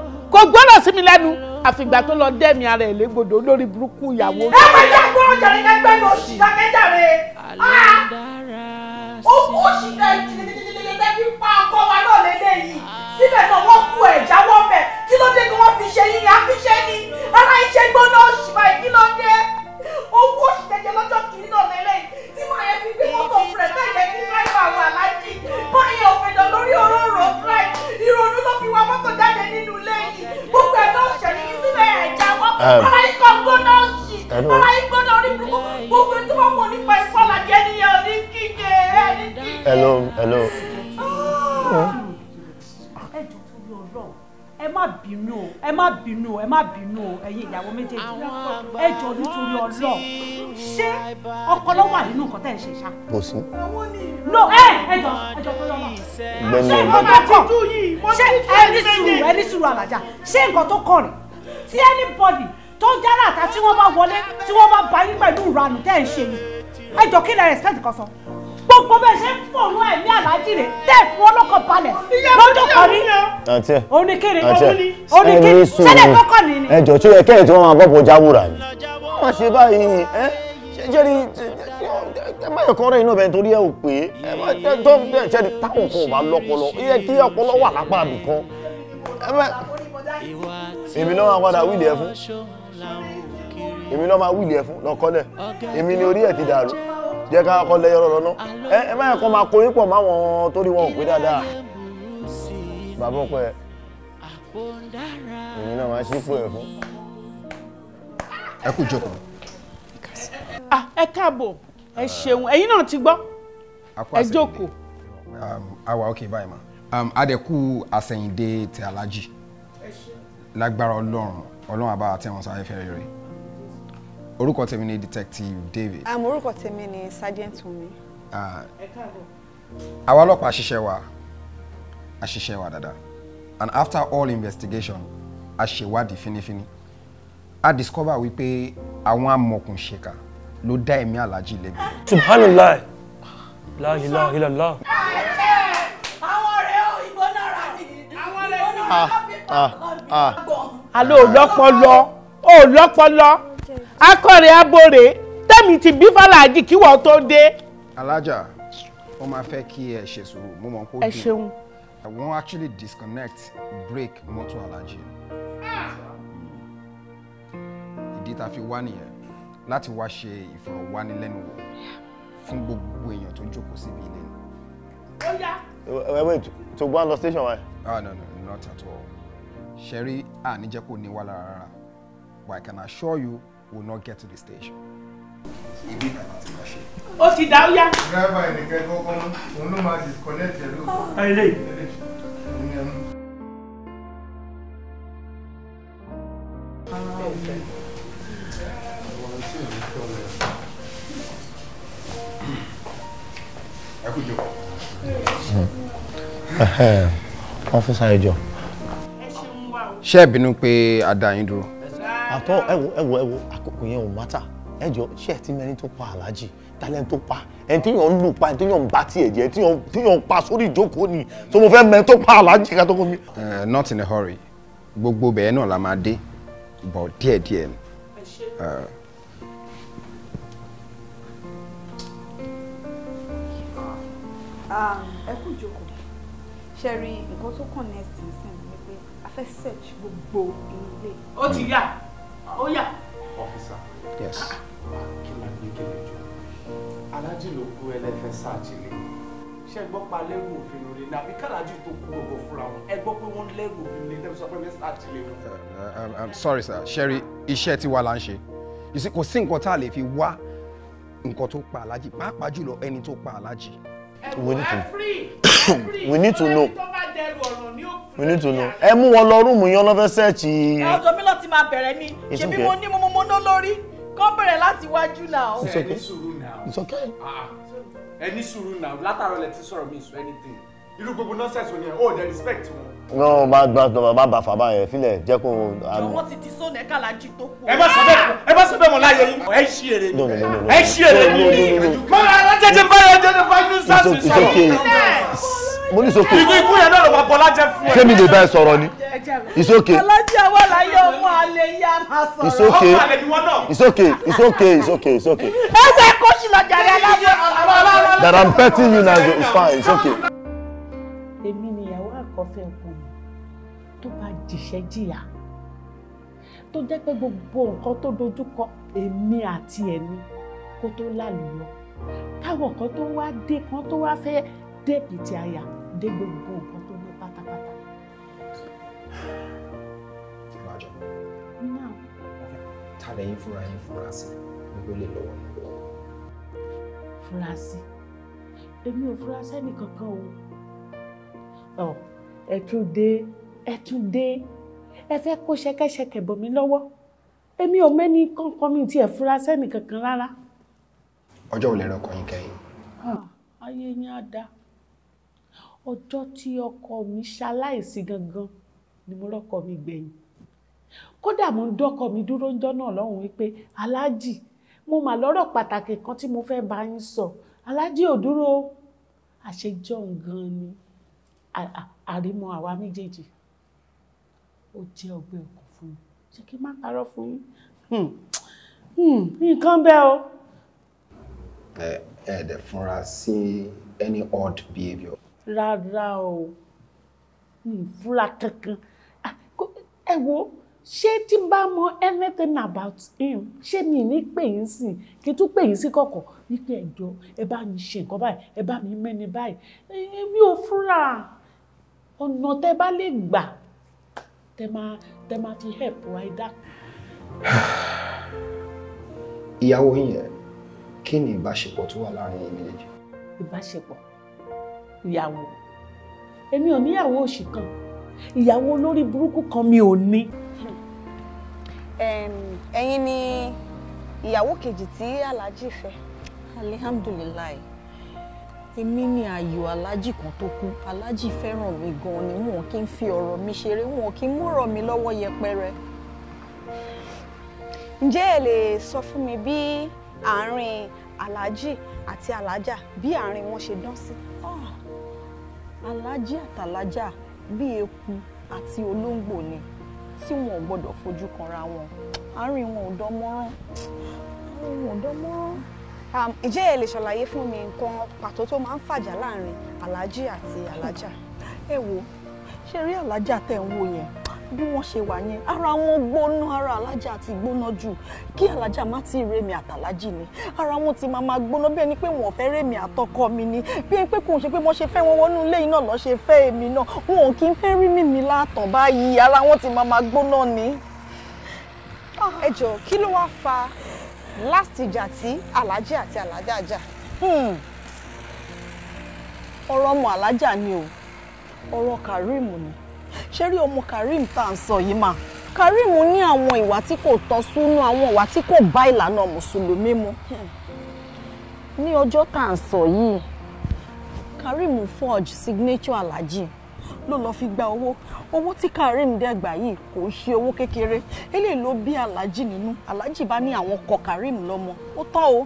kò gbọ́dọ̀ sí mi lẹ́nu àfìgbà tó lọ dẹ́mi ara ẹ̀ légbodò lórí burúkú ìyàwó. ẹ má jẹ́ kó o jàre kẹgbẹ́ mi oṣù dákẹ́jàre okú oṣù tẹ̀lé fi pa ọkọ wa náà lélẹ̀ yìí síbẹ̀ náà wọ́n kú ẹ̀ jáwọ́ mẹ́ kí ló dé kí wọ́n fi ṣe yín ni àfiṣẹ́ ni ara iṣẹ́ gbóná oṣù báyìí kí ló dé owó oṣù tẹ̀jẹ̀ lọ́jọ́ kìíní náà lélẹ̀ yìí tí màá yẹ fi gbé mọ́tò fúrẹ́ tẹ̀jẹ̀ ní láìpẹ́ àwọn aláàjì báyìí òfin gbogbo ẹ̀ náà ṣẹlẹ̀ yìí síbẹ̀ ẹ̀já wọn um, um, bàbá yìí kan gbóná sí bàbá yìí gbóná orí burúkú gbogbo tí wọ́n mọ̀ nípa ìfọ̀làjẹ́ nìyẹn ò ní kíkẹ́ ẹ̀ ní bínú o ẹ má bínú o ẹ má bínú o ẹ̀yin ìyàwó méjèèjì ẹ jọ nítorí ọlọ ṣé ọpọlọ wà nínú nǹkan tẹ́ ẹ ṣe ṣá. kò sí. no ẹ ẹ jọ ẹ jọ pé lọ́wọ́. ṣé nǹkan tó kọ̀ ṣé ẹni sùúrù ẹni sùúrù alájà ṣé nǹkan tó kọ̀ rẹ̀ tí anybody tó ń jára àtà tí wọ́n bá wọlé tí wọ́n bá bá yín pẹ̀lú ìranù tẹ́ ẹ ṣe yìí ẹ jọ kí lẹ respect kan sọ gbogbo bẹ́ẹ̀ ṣe ń fòrú ẹ̀mí aláàjì rẹ̀ tẹ́ fún ọlọ́kọ̀ balẹ̀ lọ́jọ́ kan oníkèrè oníkèrè sẹ́lẹ̀ tọkọ̀ ní ni. ẹjọ tí ẹ kẹrin wọn máa bọ bọjá wúrà ni. má ṣe báyìí ẹ jẹ́rìí ẹ má yẹ kọ́rẹ́ inú ọbẹ̀ torí ẹ ò pé ẹ má tó jẹ́rìí táwọn kan ò bá lọ́pọlọ yẹ kí ọpọlọ wà lápá àbì kan èmi náà máa padà wíìlì ẹ fún èmi náà máa wíìlì ẹ fún lọ́kọ́lẹ̀ èmi ni orí ẹ̀ ti dàrú jẹ́ ká kọ́ lẹ́yọ lọ́lọ́ ná ẹ má yẹ kó máa korí pọ̀ máwọn torí wọn ò pé dáadáa bàbá ọkọ ẹ èmi náà máa ṣí fún ẹ fún. ẹ kú jókòó. Ah, ẹ káàbọ̀ ẹ ṣeun ẹ̀yin náà ti gbọ́ ẹ jókòó. àwa um, òkè báyìí ma um, adẹ́kù àsẹ̀yìndé tí alájì lágbára ọlọ́run ọlọ́run àbá àti àwọn sáyẹ́fẹ́ rẹ̀ orúkọ tèmi ni detective David. àmọ́ orúkọ tèmi ni sergeant Wunmi. ẹ káàbọ̀. àwa ọlọ́pàá ṣiṣẹ́ wa a wa dáadáa and after all investigation a ṣèwádìí finifini a discover wípé àwọn amọ̀kùnṣèkà ló dá ẹ̀mí aláàjì lẹ́gbẹ̀ẹ́. subhanallah la ilaha illallah. àwọn ọ̀rẹ́ ò ìbọn náà rà mí ah, ìbọn náà rà mí. alo lọpọlọ o lọpọlọ akọ̀rẹ́ abore tẹ̀mí ti bí fàlàjì kí wọ́n tó dé. alájà ó máa fẹ́ kí ẹ ṣe sùúrù mo mọ̀ pé ó dùn. ẹ ṣeun. i wan actually disconnect break motor alájì ìdí tá a fi wá nìyẹn láti wá ṣe ìfọ̀rọ̀wánilẹ́nuwò fún gbogbo èèyàn tó jókòó síbi ilé ni. ó yá. ẹ wait to go lọ station wa. ah no no not at all ṣe rí àníjẹ́ kò ní wà lára rárá but i can assure you will not get to the station. ibi kàkà ti máa ṣe. ó ti dá ó yá. dírẹ́bà ẹnìkẹ́ kọ́kọ́ òun ló máa disconnect ẹ̀ lóòótọ́. Ah, ilé ẹ ṣé ẹ bínú pé a yín dúró àtọ ẹ wo ẹ wo àkókò yẹn ò mátà ẹ ṣé ẹ ti mẹni tó pa aláàjì talent tó pa ẹni tí yàn ń lù pa ẹni tí yàn ń bá tiẹ̀ jẹ́ tí yàn ń pa sórí ìjókòó ni so mo fẹ́ mẹni tó pa aláàjì ká tó kọ́ mi. not in a hurry gbogbo bẹ́ẹ̀ náà la máa dé but díẹ̀díẹ̀. Uh, ah, ẹ kú ìjókòó ṣe rí nǹkan tó kàn next ní sìn ni pé a fẹ́ search gbogbo inú ilé. ó ti yá ó yà. ọfíìsà. yes. Ah, ah, alájì ló kú ẹlẹ́fẹ́ sáàjìlè ṣe gbọ́ pa lẹ́rù òfin rere ní àbí kàlájì tó kú gbogbo fúnra wọn ẹ gbọ́ pé wọ́n lẹ́rù òfin rere tẹ́lẹ̀ sọ mẹ́sà ti lè i'm uh, um, um, sorry sir sherry iṣẹ́ tiwa la ń ṣe kò sí nǹkan tá a lè fi wá nǹkan tó pa alájì pàápàá jùlọ ẹni tó pa alájì. we need to know we need to know ẹ mú wọn lọ rúùmù yẹn lọ́fẹ́ sẹ́ẹ̀tì. ẹ ọjọ́ mi lọ ti máa bẹ̀rẹ̀ ni ṣebí mo ní mo mo ná lórí kọ́ bẹ̀rẹ̀ láti wájú náà. ẹ sùúrù náà it's ah, ah. sùúrù náà látàrọ̀ lẹ ti sọ̀rọ̀ mi sọ anything irú gbogbo nonsense wo ni ẹ o oh, dey respect wọn. No, náà má gbà tó má bà fàbà yẹn filẹ̀ jẹ́ kó. Ah, wọ́n ti di sóun ẹ̀ka lájú tó kù. ẹ bá sọ bẹ́ẹ̀ ẹ bá sọ bẹ́ẹ̀ mọ̀ láyé yín ẹ ṣí èrè ni ẹ ṣí èrè ni mọ́ra alájẹjẹ báyọ̀ jẹjẹ báyọ̀ sásù sọ̀rọ̀ mo ní sókè. ìlú ikú yẹn náà ló wà bọ́lá jẹ́ fún ẹ. kémi lè bá ẹ sọ̀rọ̀ ni. it's okay. ọlọ́jà wà láyé ọmọ àlè yá máa sọ̀rọ̀. it's okay it's okay it's okay it's okay it's okay. ẹsẹ̀ kọ́ṣì lọ́jà rẹ̀ aláwọ̀. that i'm petting you now it's fine it's okay. èmi nìyàwó àkọ́fẹ́ o jìṣẹ́ jìyà tó jẹ́ pé gbogbo nǹkan tó dojúkọ èmi àti ẹ̀mí kó tó lálùyọ káwọn kan tó wá dé kan tó wá fẹ́ débìtì àyà dé gbogbo nǹkan tó ní pátápátá. ìbájọ́ ta lẹ́yìn fúnra yín fúnra sí gbogbo lè lọ́wọ́ ni. fúnra sí èmi ò fúra sẹ́nì o ẹ̀ tó dé ẹ tún dé ẹ fẹ́ kó ṣẹ̀kẹ̀ṣẹ̀kẹ̀ bọ̀ mí lọ́wọ́ èmi ò mẹ́ni kankan mi tiẹ̀ fura sẹ́ni kankan rárá. ọjọ́ wo lẹ́rọ ọkọ yín kẹ́yìn. Ah, ayé yín á dá ọjọ́ tí ọkọ mi ṣaláìsí gangan ni mo rọ́kọ mi gbẹ̀yìn kódà mo ń dọ́kọ mi dúró ń jọ́ náà lọ́hùn-ún wípé aláàjì mo mà lọ́rọ̀ pàtàkì kan tí mo fẹ́ bá yín sọ aláàjì ò dúró àṣejọ́ ngan ni àrímọ àwa méjèèjì ó jẹ́ ọgbẹ́ ọkàn fún mi ṣé kí n má parọ́ fún yín hmm. Hmm. nǹkan bẹ́ẹ̀ o. ẹ ẹ dẹ̀ fúnra sí any odd behaviour. rárá o fúnra kankan ẹ wo ṣé tí n bá mọ anything about him ṣé mi ní pè yín sí kí n tún pè yín sí kọ̀kọ̀ wípé ẹjọ ẹ bá mi ṣe nǹkan báyìí ẹ bá mi mẹ́ni báyìí mi ò fúnra ọ̀nà tẹ́ bá lè gbà tẹ máa tẹ máa fi help wa ẹ dákun. ìyàwó yín yẹn kí ni ìbáṣepọ̀ tó wà láàrin yín méjèèjì. ìbáṣepọ̀ ìyàwó èmi ò níyàwó òṣì kan ìyàwó olórí burúkú kan mi ò ní. ẹ̀yin ni ìyàwó kejì tí aláàjì fẹ́. alihamdulilayi èmi ni ayò aláàjì kan tó kú aláàjì fẹ́ràn mi gan ni wọn kì í fi ọ̀rọ̀ mi ṣeré wọn kì í múrọ̀ mi lọ́wọ́ yẹpẹrẹ. ǹjẹ́ ẹ lè sọ fún mi bí àárín aláàjì àti alájà bí àárín wọn ṣe dán sí. Ah, aláàjì àtàlájà bí eku àti olóńgbò ni tí wọn ò gbọdọ̀ fojú kanra wọn àárín wọn ò dán mọ́rán wọn ò dán mọ́rán ìjẹ́ um, ẹ lè ṣàlàyé fún mi nǹkan pàtó tó máa ń fàjà láàrin aláàjì àti alájà. ẹ wo ṣe rí alájà tẹ̀ ń wò yẹn bí wọ́n ṣe wà yẹn ara wọn gbóná ara alájà ti gbóná jù kí alájà má ti rémi àtàlájì ni ara wọn ti máa máa gbóná bí ẹni pé wọn ò fẹ́ rémi àtọkọ mi ni bí ẹni pé kò ń ṣe pé wọ́n ṣe fẹ́ wọn wọnú ilé yìí náà lọ́ọ́ ṣe fẹ́ èmi náà wọn ò kí ń fẹ́ rí mímí látàn báyìí ara wọn ti máa máa gbóná ni. ẹ jọ̀ọ́ kí ló wá fa last ìjà tí alájì àti alájà jà hmm. ọ̀rọ̀ ọmọ alájà ni o ọ̀rọ̀ karim ni ṣé rí ọmọ karim tá à ń sọ yìí mà karim ní àwọn ìwà tí kò tọ́ sínú àwọn ìwà tí kò bá ìlànà mùsùlùmí mu ní ọjọ́ tá à ń sọ yìí karim forge signature alájì ló lọ́ọ́ fi gba owó owó tí Karim dẹ̀ gbà yìí kò ń ṣe owó kékeré eléyìí ló bí aláàjì nínú aláàjì bá ní àwọn kọ Karim lọ́mọ ó tọ́ o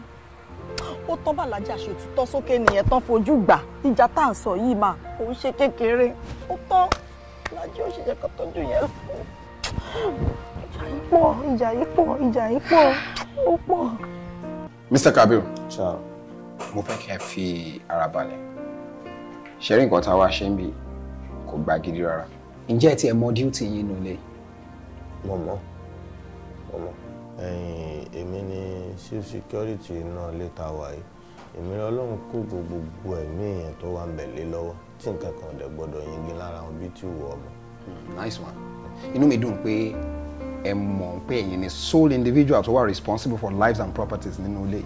ó tọ́ bàlájì àṣetútọ́ sókè nìyẹn tán fojú gbà ìjà tá à ń sọ yìí mà kò ń ṣe kékeré ó tọ́ aláàjì ó ṣiṣẹ́ kan tọ́jú yẹn lọ ìjà yìí pọ̀ ìjà yìí pọ̀ ìjà yìí pọ̀ ó pọ̀. Mr. Kabir. mo fẹ́ kẹ́ fi ara balẹ̀ ṣe rí nǹkan tá a wá ṣe ń bíi kò gba gidi rárá. ǹjẹ́ ẹ ti ẹ̀ mọ díútì yín nù lé. mo mọ mo mọ èmi ni chief security náà létà wáyé èmi lọ́lọ́run kó gbogbo ẹ̀mí èèyàn tó wà ń bẹ̀ lé lọ́wọ́ tí nǹkan kan dẹ̀ gbọ́dọ̀ yingi lára wọn bí tí ò wọ ọmọ. Hmm, nice one inú mi dùn pé ẹ mọ̀ pé ẹ̀yin ni sole individual tó wà responsible for lives and properties nínú ilé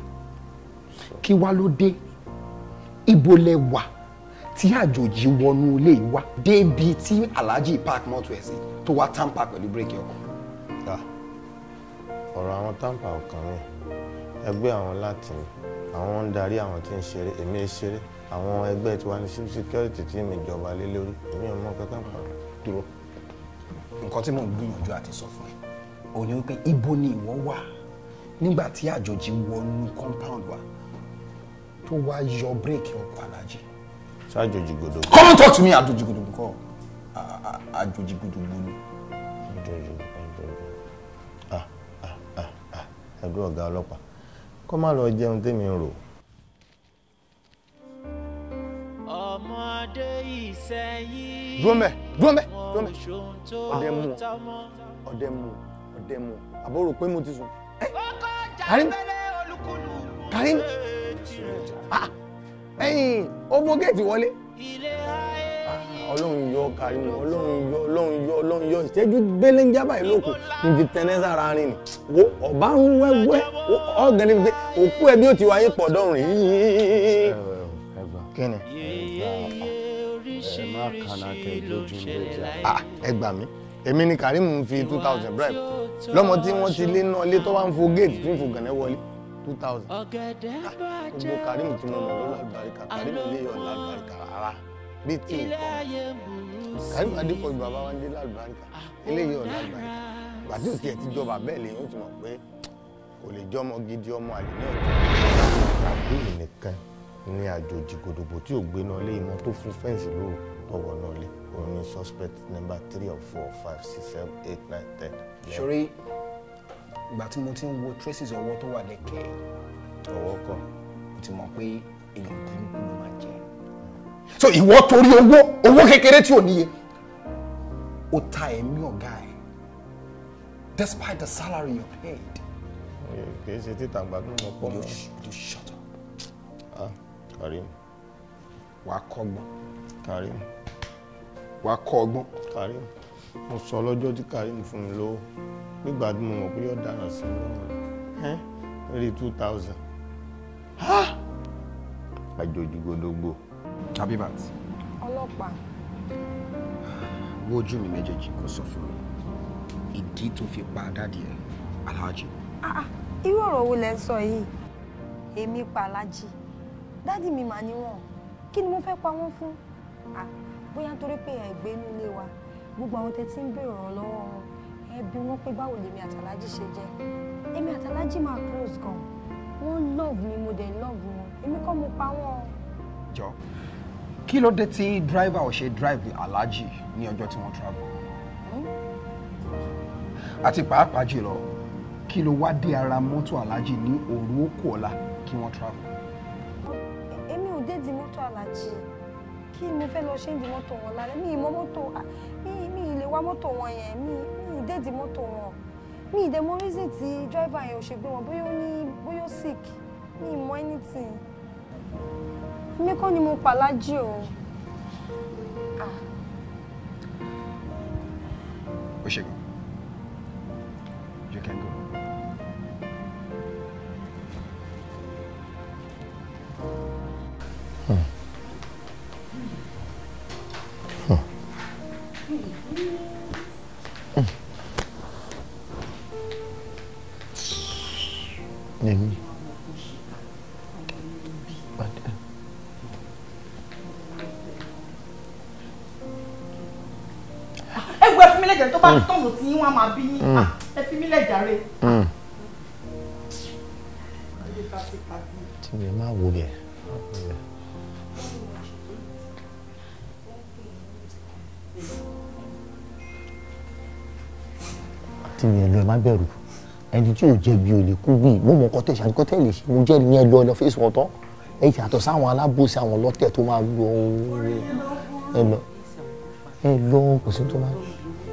kí wá ló dé ibo lẹ wà tí àjòjì wọnú ilé wa wá débi tí alhaji park mọ́tò ẹ̀ sí tó wá tampa pẹ̀lú bírèkì ọkọ̀. Ah, ọ̀rọ̀ àwọn tampa ọ̀kan mi ẹgbẹ́ àwọn láti ni àwọn ń darí àwọn tí ń ṣeré èmi ń ṣeré àwọn ẹgbẹ́ tiwa ní civil security tí mi jọba lé lórí èmi ò mọ kankan pa. dúró nǹkan tí mò ń gbìyànjú àti sọ fún ẹ ò ní wípé ibo ni ìwọ wà nígbà tí àjòjì wọnú compound wa tó wá yọ bírèkì ọkọ̀ alájì ṣé come and talk to me àjòjì gbòdògbò kọ́ àjòjì gbòdògbò ni. àjòjì gbòdògbò ah ah ah ah ẹgbẹ́ ọ̀gá ọlọ́pàá kó má lọ jẹun tèmi ń rò. ọmọdé ìsẹ́yìn. dúró mẹ́ dúró mẹ́ dúró mẹ́ ọdẹ mú ọdẹ mú ọdẹ mú àbúrò pé mo ti sùn. Karim Karim ah. ah ẹ̀yìn ó fọ́ géètì wọlé ah, ọlọ́run yọ kárí mi ọlọ́run yọ ọlọ́run yọ ọlọ́run yọ ìṣẹ́jú gbẹ́lẹ́njá báyìí lóko níbi tẹ́nẹ́sà ara rìn ni wo ọ̀bá ń wẹ́wẹ́ ọ̀gẹ́ni fi òkú ẹbí ó ti wáyé pọ̀dọ̀ rìn yín. kí ni ẹ má kànáà kẹ lójú méjì. Ah, ẹ gbà mí èmi ni Karim fi two thousand bribe lọ́mọ tí wọ́n ti lé náà lé tó wá ń fo gate tó ń fo gànẹ́ wọlé two thousand. ọ̀gẹ̀dẹ̀ ah, bàjẹ́ gbogbo Karim tí mo mọ̀ ló lágbàríkà Karim lè yọ̀ lágbàríkà rárá bí tí o kọ́ Karim Adépọ̀jù bàbá wa ń dé lágbàríkà eléyìí ọ̀ lágbàríkà gbàdí òsì ẹ̀ ti jọba bẹ́ẹ̀ lè yóò ti mọ̀ pé kò lè jọmọ gidi ọmọ àlè ní ọ̀tọ̀. àbúrò nìkan ni àjòjì gòdògbò tí ò gbé náà lé ìmọ̀ tó fún fẹ́ǹsì lóru tọwọ́ náà lé òun ni suspect number three of four five six seven eight nine ten. sori ìgbà tí mo ti ń wo traces ọwọ́ tó wà lẹ́kẹ̀ẹ́ ọwọ́ kọ́ mo ti mọ̀ pé èèyàn burúkú ló máa jẹ́ so ìwọ torí owó owó kékeré tí ò níye ó ta ẹ̀mí ọ̀gá ẹ̀ despite the salary you paid. kì í ṣe títà gbàdúrà mọ́ pọ̀ mọ́. you shut up. ah Karim. wàá kọ́ ọgbọ́n. Karim. wàá kọ́ ọgbọ́n. Karim mo sọ lọ́jọ́ tí Karim fún mi lówó nígbà tí mo mọ̀ pé yóò dára sí i lọ́wọ́ rí two thousand. àjòjì gbogbo. Habibat. ọlọ́pàá. wo ojú mi méjèèjì kó sọ fún mi ìdí tó fi pa dáàdì ẹ aláàjì. Ah, ah, irú ọ̀rọ̀ wo lẹ ń sọ yìí èmi pa aláàjì dáàdì mi mà ní wọn kí ni mo fẹ́ pa wọ́n fún ah, bóyá torí pé ẹ̀ nílé wa gbogbo àwọn tẹ tí ń béèrè ọ̀rọ̀ lọ́wọ́ wọn ẹ bi pé báwo lèmi àtàlájì ṣe jẹ́ èmi àtàlájì máa close gan wọ́n love mi mo dẹ̀ love wọn èmi kọ́ mo pa wọ́n. jọ kí ló dé tí driver ò ṣe drive aláàjì ní ọjọ́ tí wọ́n travel hmm? àti pàápàá jùlọ kí ló wá dé ara mọ́tò aláàjì ní òru okòólá kí wọ́n travel. èmi ò dé di mọ́tò aláàjì kí mo fẹ́ lọ ṣe ń di mọ́tò wọn lálẹ́ mi ìmọ̀ mọ́tò mi ìlè wá mọ́tò wọn yẹn mi mi ìdédi mọ́tò wọn mi ìdè mo reason tí driver yẹn ò ṣe gbé wọn bóyá ó ní bóyá ó sick mi ìmọ̀ anything mi kọ́ ni mo pàlájì o. ó ṣe gan you can go. bẹ̀rù ẹni tí ò jẹ̀bi ò lè kú bí mo mọ kọ́tẹ́ ṣe àdìkọ́tẹ́ lè ṣe mo jẹ́rìí ní ẹ lọ ẹ lọ fèsì wọn tán ẹ yàtọ̀ sáwọn alábòsí àwọn ọlọ́tẹ̀ tó máa lọ ẹ lọ ẹ lọ kò sí tó máa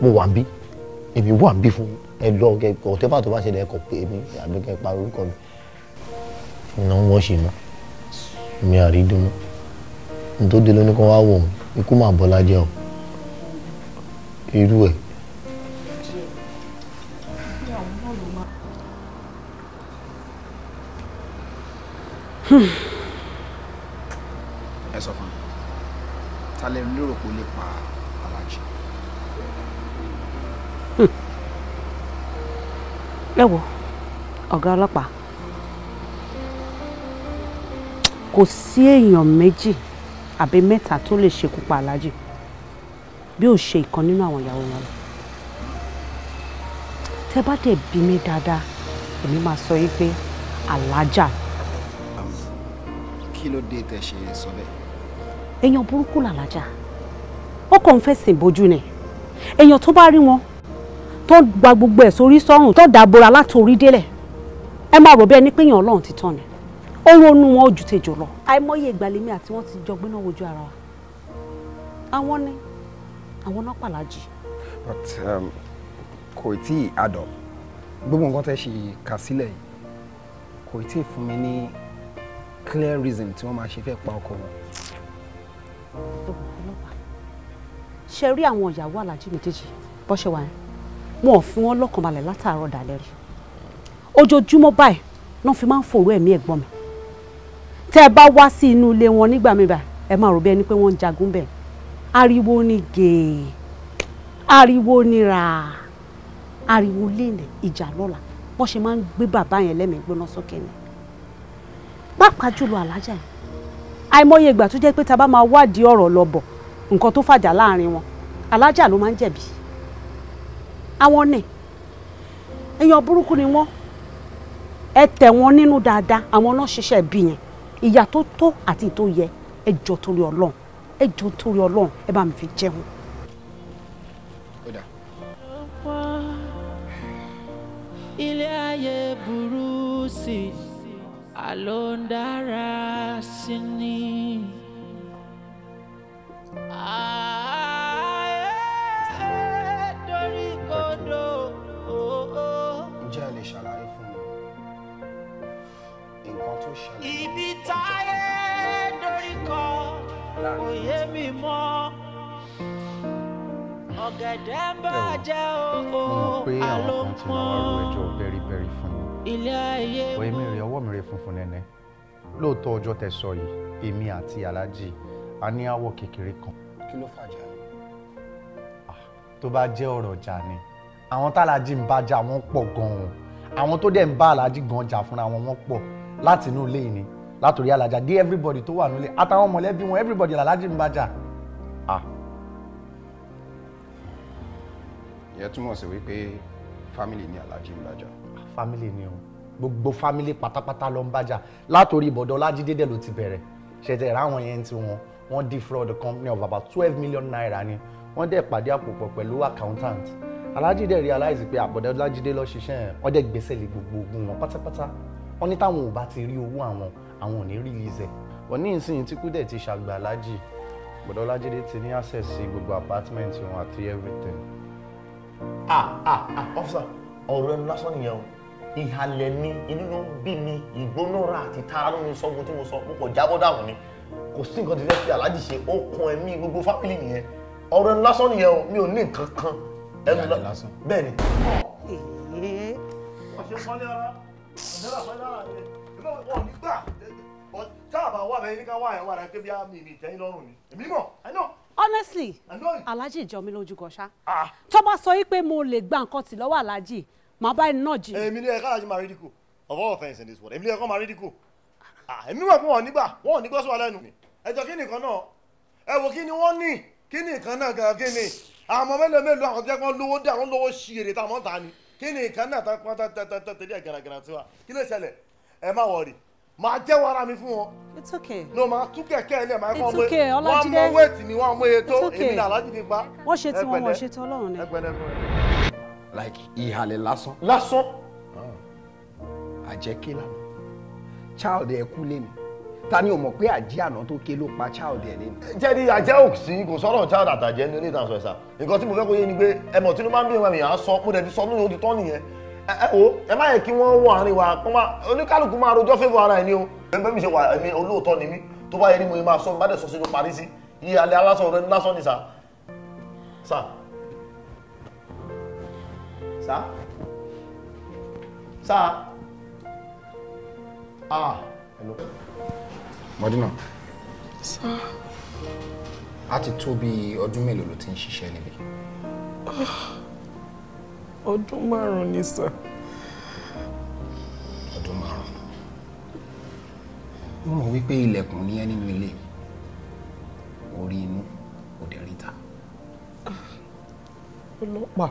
mo wà ń bí èmi wà ń bí fún ẹ lọ kẹ ọ̀tẹ́fà tó bá ṣẹlẹ̀ ẹ kọ̀ pé èmi àbí kẹ parí orúkọ mi. iná wọ́n ṣe mọ́ mi àrídùnú nítorí lónìí kan wá wò ó ikú mà bọ́lá jẹ́ o irú ẹ̀ ẹ sọ fún mi ta lẹ lérò pé ó lè pa alájí. ẹ wo ọ̀gá ọlọ́pàá kò sí èèyàn méjì àbí mẹ́ta tó lè ṣekú pa alájí bí ó ṣe ìkan nínú àwọn ìyàwó wọn lọ tẹ bá dẹ̀ bí mi dáadáa èmi máa sọ yìí pé alájà kí ló dé tẹ ṣe sọ bẹ́ẹ̀. èèyàn burúkú làlájà ó kàn ń fẹ̀sìn bójú ni èèyàn tó bá rí wọn tó gba gbogbo ẹ̀ sórí sọ́run tó dàbora látòrí délẹ̀ ẹ máa rò bẹ́ẹ̀ ni pé èèyàn ọlọ́run ti tán ni ó ronú wọn ojú tejò lọ. àìmọye ìgbàlémí àti wọn ti jọ gbéná wojú ara wa àwọn ni àwọn náà pàlájì. but um, kò tí ì adọ gbogbo nǹkan tẹ́ ṣe kà sílẹ̀ yìí kò tí ì fún mi ní clear reason tí wọ́n máa ṣe fẹ́ pa ọkọ wọn. ọlọ́pàá ṣe rí àwọn ìyàwó alájí méjèèjì bọ́ṣẹ̀ wà Mo, wọn ò fi wọn lọ́kàn balẹ̀ látàárọ̀ dálẹ́ rí ojoojúmọ́ báyìí náà fi máa ń fòrò ẹ̀mí ẹ̀gbọ́n mi tẹ́ ẹ bá wá sí inú ilé wọn nígbà mi bá ẹ máa rò bí ẹni pé wọ́n ń jagun bẹ́ẹ̀ ariwo ni gèè ariwo ni rà ariwo lẹ́nìí ìjà lọ́la bọ́n ṣe máa ń gbé bàbá yẹn lẹ́mìí gbóná sókè ni pàápàá jùlọ alájà yìí àìmọye ìgbà tó jẹ́ pé ta bá máa wádìí ọ̀rọ̀ lọ bọ̀ nǹkan tó fàjà láàrin wọn alájà ló máa ń jẹ̀bi àwọn nì èèyàn burúkú ni wọ́n ẹ tẹ̀ wọ́n nínú dáadáa àwọn náà ṣiṣẹ́ bí yẹn ìyà tó tó àti tó yẹ ẹ jọ torí Ọlọ́run ẹ jọ torí Ọlọ́run ẹ bá mi fi jẹun. ilé ayé burú sí i ta ló ń dára sí ni. torí kodo. Oh, oh. ǹjẹ́ ẹ lè ṣàlàyé fún mi nǹkan tó ṣẹlẹ̀. ibi táyé dorí kọ kò yé mi mọ́ ọ̀gẹ̀dẹ̀ ń bàjẹ́ o àlọ́ pọ́n ilé ayé mọ́. òye mi rè ọwọ́ mi rè funfun nẹ́nẹ́ lóòótọ́ ọjọ́ tẹ sọ yìí èmi àti aláàjì a ní àwọ̀ kékeré kan. kí ló fàjà yìí. Ah, tó bá jẹ́ ọ̀rọ̀ ọjà ni àwọn tálájì ń bá jà wọ́n pọ̀ gan-an àwọn tó dẹ̀ ń bá aláàjì gan jà fúnra wọn wọ́n pọ̀ láti inú ilé yìí ni látòrí alájà dé everybody tó wà nílé àtàwọn mọ̀lẹ́bí wọn everybody làlájì ń bá jà. Ah. ìyẹn túmọ̀ sí wípé family ni aláàjì ń bá jà family ni o gbogbo family pátápátá ló ń bájà látòrí ìbọ̀dọ̀ ọlájídé dẹ̀ ló ti bẹ̀rẹ̀ ṣẹ̀tẹ̀ ráwọn yẹn ti wọn wọ́n defraud the company of about twelve million naira ni wọ́n dẹ̀ pàdé àpòpọ̀ pẹ̀lú accountant alájí dẹ̀ realize pé àbọ̀dọ̀ ah, ọlájídé lọ ṣiṣẹ́ yẹn wọ́n dẹ̀ gbèsè lé gbogbo ogun wọn pátápátá wọ́n ní táwọn ò bá ti rí owó àwọn àwọn ò ní release ẹ̀ wọ́n ní ìsìn tí kúdẹ̀ ti ṣàgbà alájí àbọ̀dọ̀ ọlájídé ti ní access sí gbogbo apartment wọn àti everything. ah ah ah officer ọ̀rọ̀ ẹnu lásán nìyẹn o ìhalẹ̀ mi inú ló ń bí mi ìgbónára àti tara ló ń sọ ohun tí mo sọ mo kò jábọ́ dànù ni kò sí nǹkan tí fi aláàjì ṣe ó kan ẹ̀mí gbogbo fámìlì nìyẹn ọ̀rọ̀ ẹnu lásán nìyẹn o mi ò ní nǹkan kan ẹnu lásán bẹ́ẹ̀ ni. honestly alhaji ìjọ mi lójú gọṣá ah. tó bá sọ wípé mo lè gba nǹkan tì lọ́wọ́ alhaji màá bá ẹni náà jiyàn. èmi ni ẹ káàdì máa rí dìkù of all offence in this world èmi ni ẹ kọ́ máa rí dìkù ah, èmi wà pé wọ́n nígbà wọ́n ní gbọ́sọ̀ lẹ́nu ẹjọ́ kí nìkan náà ẹ wò kí ni wọ́n ní kí nìkan náà gan kí ni àmọ́ mélòó mélòó àwọn jẹ́ lówó dé àwọn lówó ṣiyèrè tá àmọ́ ta ni kí nìkan náà tán pọ́n tẹ́tẹ́tẹ́ tẹ́lẹ̀ gàràgàrà tiwa kí ló ṣẹlẹ̀ ẹ má wọ̀rì máa jẹ́wọ́ ara mi fún wọn. it's okay. no máa tú kẹ̀kẹ́ ilé máa kọ́ ọmọ wọn mọ wéètì ni wọn mọ iye tó èmi náà alájìdí gbá. wọ́n ṣe tiwọn wọ́n ṣe tọ́lọ́run ni. ẹgbẹ́ lẹ́gbẹ́ like ìhàlẹ̀ lásán. lásán. Ah. àjẹké lánàá child ẹ kú lé mi ta ni o mọ̀ pé àjẹ́ àná tó ké ló pa child ẹ̀ lé mi. jẹ́ ní ajẹ́ ò sí kò sọ̀rọ̀ child àtàjẹ́ ní oníta sọ̀rọ̀ sà nǹkan tí mo fẹ́ kó yé ni pé ẹ mọ̀ tí ló máa ń bí ìwà mi à ń sọ mo dẹ̀ ti sọ lóyún ó ti tọ́ nìyẹn ẹ wo ẹ má yẹ kí wọ́n wọ àárín wa oníkálukú máa rojọ́ fẹ́fọ́ ara ẹ̀ ni o bẹ́ẹ̀ mi ṣe wà èmi olóòótọ́ ni mí tó bá yẹ ni mo máa sọ mi bá dẹ̀ sọ sínú parí sí iye alẹ́ alásọ̀ rẹ lásán ni sà sà sá sá ah hello. Mọ́dínà. sá. a ti tó bí ọdún mélòó ló ti ń ṣiṣẹ́ níbí. Ah, ọdún márùn-ún ni sá. ọdún márùn-ún. mo mọ̀ wípé ilẹ̀kùn ní ẹ nínú ilé orí inú òde ríta. Ah, ọlọ́pàá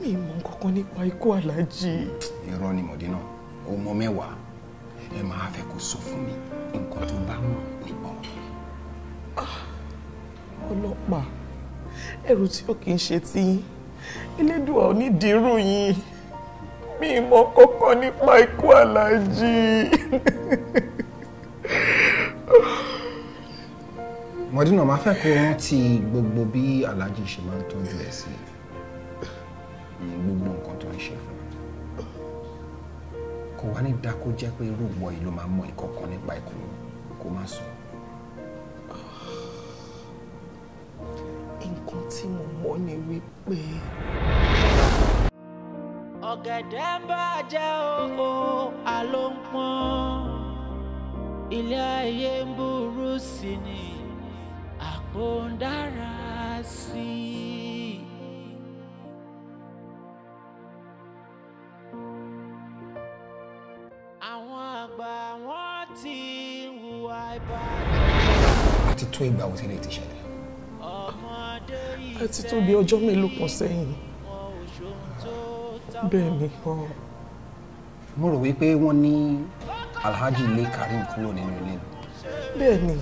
mi mọ kankan nípa ikú aláàjì. irọ́ ni mọ̀dínà ọmọ mẹ́wàá ẹ máa fẹ́ kó sọ fún mi nǹkan tó bá mọ̀ nípa ọ̀rọ̀. Ah, ọlọ́pàá ẹ̀rù tí ò kì í ṣe ti elédùà onídìírú yìí mi mọ kankan nípa ikú aláàjì. mọ̀dínà máa fẹ́ kó rántí gbogbo bí aláàjì ṣe máa ń tọ́jú ẹ̀ sí i gbogbo nǹkan tó ń ṣe fún un kò wá ní dákó jẹ́ pé rògbò yìí ló máa mọ ìkọ̀kan nípa ikú kó má sọ. nǹkan tí mo mọ̀ ni wípé. ọ̀gẹ̀dẹ̀ ń bàjẹ́ o àló ń pọ́n ilé ayé ń burú sí ni àpò ń dára sí i. fún ìgbà wo tẹ́lẹ̀ ti ṣẹlẹ̀. àti tó bí ọjọ́ mélòó kan sẹ́yìn bẹ́ẹ̀ ni kọ́. mo rò wípé wọ́n ní Alhaji lé Karim kúrò nínú ilé. bẹ́ẹ̀ ni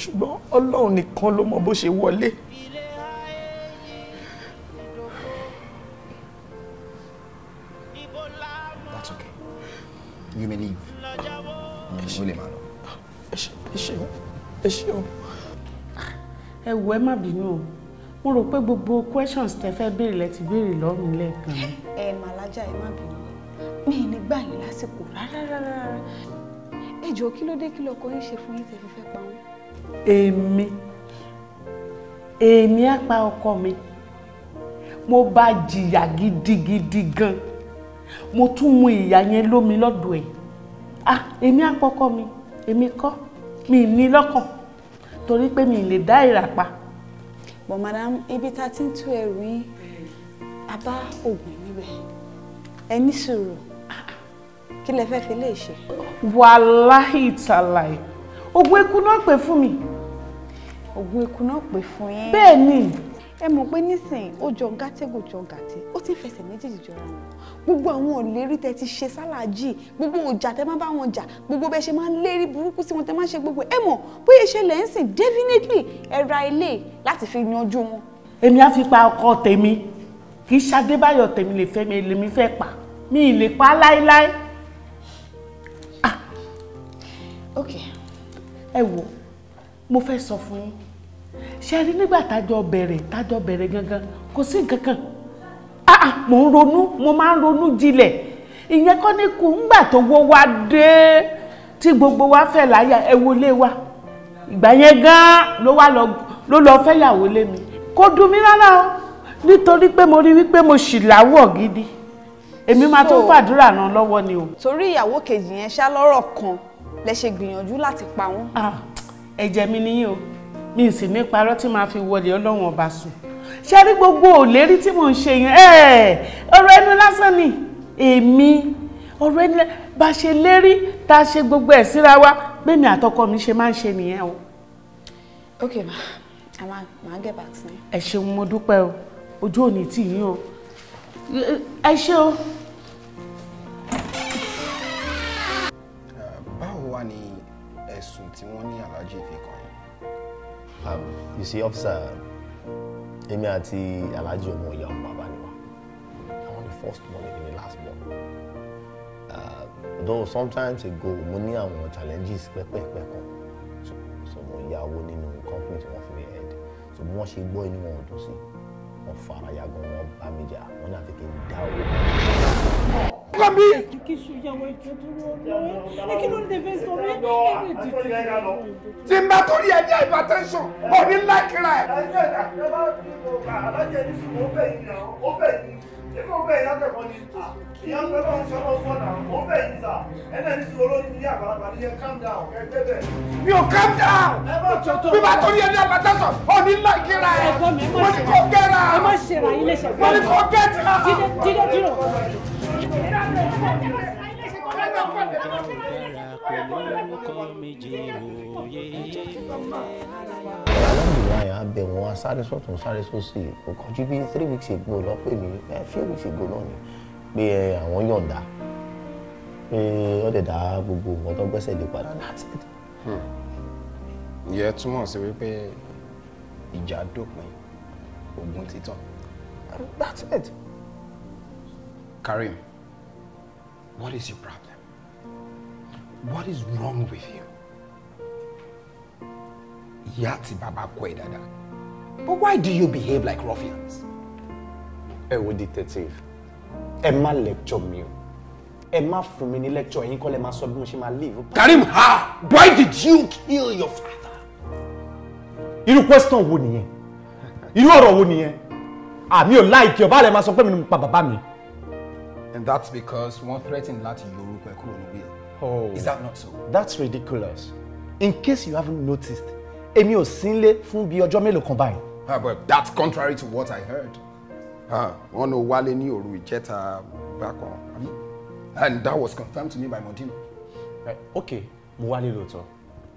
ṣùgbọ́n Ọlọ́run nìkan ló mọ bó ṣe wọlé. That's okay. You may leave. Mm, ẹ ṣeun ẹ ṣeun ẹ ṣeun ẹ wò ẹ má bínú o mo rò pé gbogbo questions tẹ fẹ́ béèrè lẹ ti béèrè lọ́rùn lẹ́ẹ̀kan. ẹ màlájà ẹ má bínú mi ì ní gbà yín lásìkò rárá rárá ẹ jọ̀ọ́ kí ló dé kí lọkọ yín ṣe fún yín tẹ fi fẹ́ pa wọ́n. èmi èmi á pa ọkọ mi mo bá jìyà gidigidi gan mo tún mu ìyà yẹn lómi lọ́dọ̀ ẹ̀ ah èmi á pọkọ mi èmi kọ́ mi ní lọ́kàn torí pé mi lè dá ìràpá. bọ̀ madam ibi tá a ti ń tú ẹrù yín a bá oògùn níbẹ̀ ẹ ní sùúrù kí lẹ fẹ́ fi lè ṣe. wàláhì tàlàyé oògùn eku náà pè fún mi. oògùn eku pè fún yín. bẹ́ẹ̀ ni ẹ mọ̀ pé nísìnyí ó jọ gátẹ́gùn jọ gàtẹ́ ó ti fẹsẹ̀ méjèèjì jọra wọn gbogbo àwọn òlérí tẹ ti ṣe sálàájì gbogbo ọjà tẹ máa bá wọn jà gbogbo bẹ ṣe máa ń lérí burúkú sí wọn tẹ máa ń ṣe gbogbo ẹ mọ̀ bóyá ṣe lẹ́ ń sìn definitely ẹ ra ilé láti fi yanjú wọn. èmi á fi pa ọkọ tèmi kì í ṣàdébáyọ̀ tèmi lè fẹ́ mi lèmi fẹ́ pa mi ì lè pa láéláé. Ah. ok ẹ wo mo fẹ́ sọ fún yín ṣe rí nígbà tájọ bẹ̀rẹ̀ tájọ bẹ̀rẹ̀ gangan kò sí nǹkan kan ah, ah mò ń ronú mo máa ń ronú jinlẹ̀ ìyẹn kọ́ ni kù ńgbà tó wọ́ wa dé tí gbogbo wa fẹ́ láyà ẹ wọlé wa ìgbà yẹn gan ló wá lọ ló lọ fẹ́yàwó lé mi kò dùn mí rárá o nítorí pé mo rí wípé mo ṣì láwọ̀ gidi èmi máa tó fàdúrà ràn lọ́wọ́ ni o. torí ìyàwó kejì yẹn ṣá lọ́rọ̀ kan lẹ ṣe gbìyànjú láti pa wọ́n. Ah, ẹ̀jẹ̀ mi nìyí o mi sì ní parọ́ tí màá fi wọlé ọlọ́run ọba sùn ṣe rí gbogbo òlérí tí mò ń ṣe yẹn ẹ ọ̀rọ̀ ẹnu lásán ni èmi ọ̀rọ̀ ẹni bá ṣe lérí tá a ṣe gbogbo ẹ̀ síra wa bẹ́ẹ̀ mi àtọkọ mi ṣe máa ń ṣe nìyẹn o. ok ma a máa máa get back sí. ẹ ṣeun mo dúpẹ́ o ojú òní tì yín o ẹ ṣé o. you see officer èmi àti alhaji ọmọ ìyá ọmọ bàbá ni wa i want the first one and the last one. uh, though sometimes ago mo ní àwọn challenges pẹ́pẹ́pẹ́ kan so mo yáwó nínú company tí wọ́n fi mi head so bí wọ́n ṣe gbọ́ inú wọn ò dùn ọ̀fàràyà gan-an bá mi náà fi kí n dá owó. ọkọ mi. kìsù ìyàwó ètò kí ló ń tẹ̀fẹ́ sọ mí ẹ̀mí ètò dúró. tí n bá torí ẹ ní hypertension ò ní lákìlá ẹ. ìdájọ́ bá ti mọ̀ ọ́ bá ní sùn ó bẹ̀ yín náà ó bẹ̀ yín ebi o bẹ́ẹ̀ yàtọ̀ ẹ̀kọ́ ni ìyá ń pẹ́lú ọ̀hún fún ọ̀nà ó bẹ́ẹ̀ ní sà ẹ̀nà ní sùn olórí ní àgbàlagbà ní yẹ calm down ẹgbẹ́ bẹ́ẹ̀. mi ò calm down bí bá torí ẹni àgbàtàsọ òní ńlá ìkíra ẹ mo ní kò gẹ́ra mo ní kò gẹ́tìrà. jíde jíde jírò alámìláyà abẹ wọn asáré sọtún sáré sósì kò kọjú bíi three weeks ago lọ pè mí ẹ few weeks ago náà ni pé àwọn yọ̀ǹda pé ó dẹ̀ dá gbogbo nǹkan tó gbẹ́sẹ̀ lé padà láti ẹ̀dá. Hmm. ìyẹn túmọ̀ sí wípé ìjà dópin ogun títàn. that's it. Karim, what is your problem? What is wrong with you? Yati Baba bàbá kọ But why do you behave like ruffians? Ẹ wo detective, ẹ má lecture mi o. Ẹ má fún mi ní lecture ẹ̀yin kọ́ lẹ máa sọ bí mo live. Karim ha! Why did you kill your father? Irú question wo nìyẹn? Irú ọ̀rọ̀ wo nìyẹn? Àmì ò láìkí ọba rẹ̀ máa sọ pé mi ni mo pa And that's because one threaten láti yọ orúkọ ẹ̀ kúrò níbí Oh. Is that not so? That's ridiculous. In case you haven't noticed, Emi osinle sínlé fún bí ọjọ́ mélòó kan báyìí. Ah, but that's contrary to what I heard. Ah, wọ́n lọ wálé ní òru ìjẹta bákan. And that was confirmed to me by Modimo. Right. Okay, mo wálé lóòótọ́.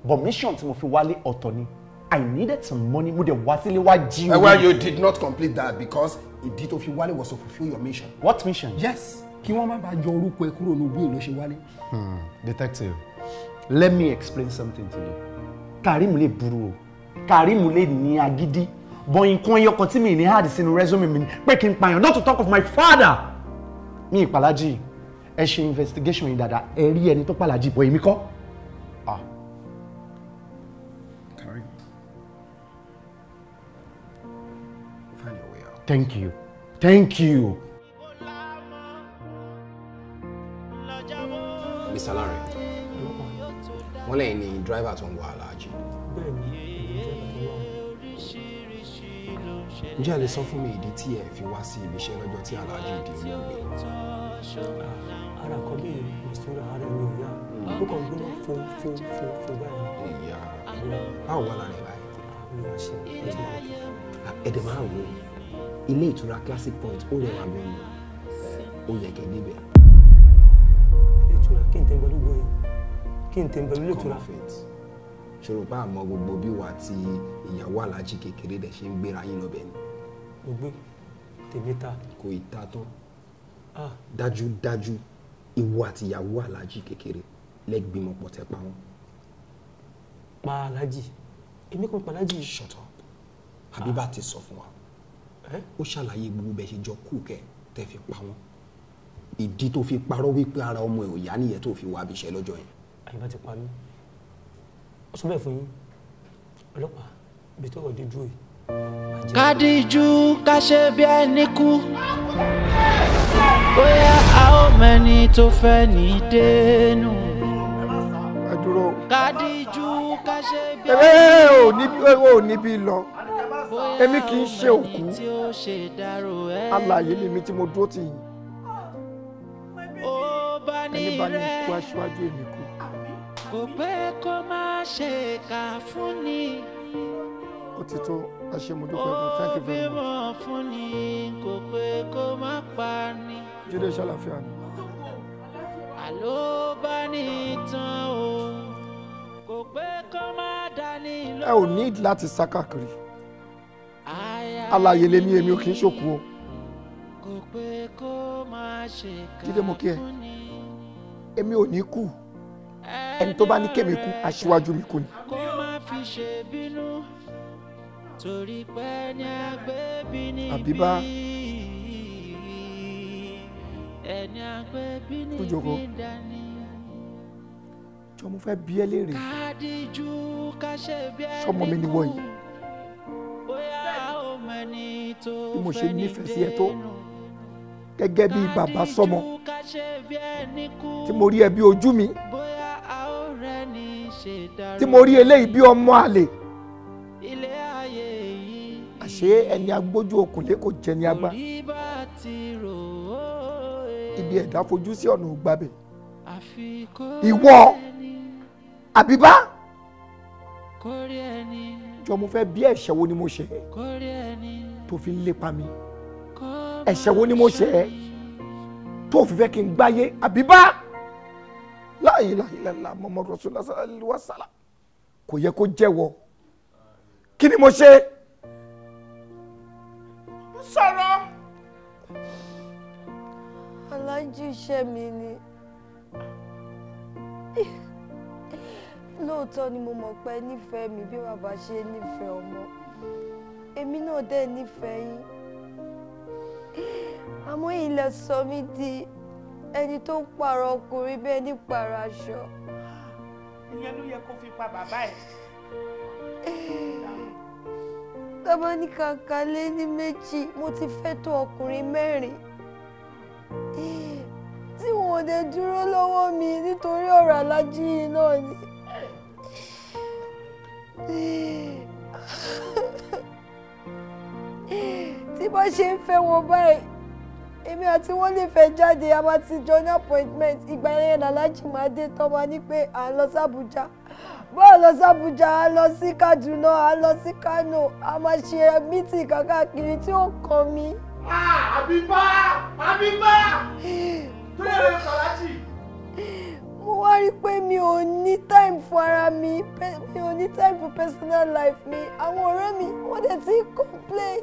But mission tí mo fi wale ọ̀tọ̀ ni. I needed some money. Mo dẹ̀ wá sílé wá eh, Well, you did not complete that because ìdí tó fi wale was to fulfil your mission. What mission? Yes. Ki wọ́n má bàa yọ orúkọ ẹ kúrò ní bí èlò ṣe wálé. Hmm. Detective, let me explain something to you. Karim lè burú o. Karim lè ní agídí. But nǹkan ẹyọ kan tí mi ní hard sínú resume mi pé kí n pààyàn not to talk of my father. Mi ìpàlájì ẹ ṣe investigation yìí dáadáa ẹ rí ẹni tó pàlájì bọ̀ èmi kọ́. Ah. Karim, find your way out. Thank you. Thank you. Mr. Larry wọ́n lẹ́yìn ni dírìvà tó ń wà aláàjì. ǹjẹ́ ẹ lè sọ fún mi ìdí tí ẹ fi wá sí ibi iṣẹ́ lọ́jọ́ tí aláàjì di olóògbé. ara kan bí ìṣúra ara mi ò yá ó kàn gbóná fún fún fún fún báyìí. ìyá báwo wà lára ẹ báyìí. ẹ̀dẹ̀ máa wò ilé ìtura classic point ó rẹwà bẹ́ẹ̀ ni ó yẹ kẹ́ débẹ̀. kí n tẹ̀ ń pẹ̀lú ìtura. ṣòro pa àmọ́ gbogbo bí wà tí ìyàwó aláàjì kékeré rẹ̀ ṣe ń gbéra yín lọ́bẹ̀ ni. gbogbo tèmi ta. kò ì ta tán. dájúdájú ìwọ àti ìyàwó aláàjì kékeré lẹ́gbìmọ̀ pọ̀ tẹ́ pa wọ́n. pa aláàjì èmi kò pa aláàjì. ṣọ̀tọ̀ àbíbá ti sọ fún wa ó ṣàlàyé gbogbo bẹ́ẹ̀ ṣe jọ kú kẹ́ tẹ́ fi pa wọ́n ìdí tó fi parọ́ wípé ara ọmọ ẹ̀ ò yá nìyẹn tó fi wá abiṣẹ́ lọ́jọ́ yẹn àyìnbá ti pa mí ó sọ bẹ́ẹ̀ fún yín ọlọ́pàá ibi tó wọ̀ dé dúró yìí. kádìjú ká ṣe bí ẹni kú bóyá a ó mẹ́ni tó fẹ́ ní dénú. kádìjú ká ṣe bí ẹni kú. ẹ ò níbi lọ èmi kì í ṣe òkú alààyè lèmi tí mo dúró tì yín ẹni bá ní ikú aṣáájú èmi kú kò pé kó má ṣe kà fún ni. ó ti tó ẹ ṣe mo thank you very much. ó bímọ fún ni kò pé kó má pa ni. jíde ṣàlàfíà ni. àló bá ní tán o kò pé kó má dání lọ. ẹ ò ní láti sá káàkiri alààyè lèmi èmi ò kì í ṣòkú o. kò pé kó má ṣe kà fún ni. jíde mo kí ẹ èmi ò ní kú ẹni tó bá ní kémi kú aṣíwájú mi kú ni. kó má fi ṣe bínú torí pé ní agbẹ́bí ni bí. àbíbá ẹni agbẹ́bí ni bí dání. jọ mo fẹ́ bí ẹ léèrè. sọmọ mi ni wọ bí mo ṣe nífẹ̀ẹ́ sí ẹ tó gẹ́gẹ́ bí bàbá sọmọ tí mo rí ẹ bí ojú mi. bó tí mo rí eléyìí bí ọmọ àlè àṣé ẹni agbójú okùnlé kò jẹ ní agbá eh. ibi ẹ̀dá fojú sí ọ̀nà ògbàbẹ̀ ìwọ àbíbá jọ mo fẹ́ bí ẹ̀ṣẹ̀ wo ni mo ṣẹ̀ tó fi ń lépa mi ẹ̀ṣẹ̀ wo ni mo ṣẹ̀ tó fi fẹ́ kí n gbáyé àbíbá láàyè láìlẹ́lá mọ́mọ́ rọ̀ṣọ́lá kò yẹ kó jẹ́wọ́ kí ni mo ṣe sọ̀rọ̀. aláàjì iṣẹ́ mi ni lóòótọ́ ni mo mọ̀ pé nífẹ̀ẹ́ mi bí bàbá ṣe nífẹ̀ẹ́ ọmọ èmi náà dẹ̀ nífẹ̀ẹ́ yín àmọ́ ilẹ̀ sọ mí di ẹni tó ń pààrọ̀ ọkùnrin bẹ́ẹ̀ ní pààrọ̀ aṣọ. ìyẹn ló yẹ kó fi pa bàbá ẹ̀. tọ́mọ ní kàkà lé ní méjì mo ti fẹ́ tó ọkùnrin mẹ́rin tí wọn ò dé dúró lọ́wọ́ mi nítorí ọ̀rọ̀ alájí náà ni. tí bá ṣe ń fẹ́ wọn báyìí èmi àti wọn lè fẹ́ jáde a máa ti jọ ní appointment ìgbà yẹn làlájì máa dé tán máa ní pé à ń lọ sàbújá bá a lọ sàbújá a lọ sí Kaduna a lọ sí Kano a máa ṣe mítìn kákàkiri tí ó kàn mí. àbíbá àbíbá tó lè rẹ kọlájì mo wá rí i pé mi ò ní time fún ara mi mi ò ní time for personal life mi àwọn ọ̀rẹ́ mi wọ́n dẹ̀ ti complain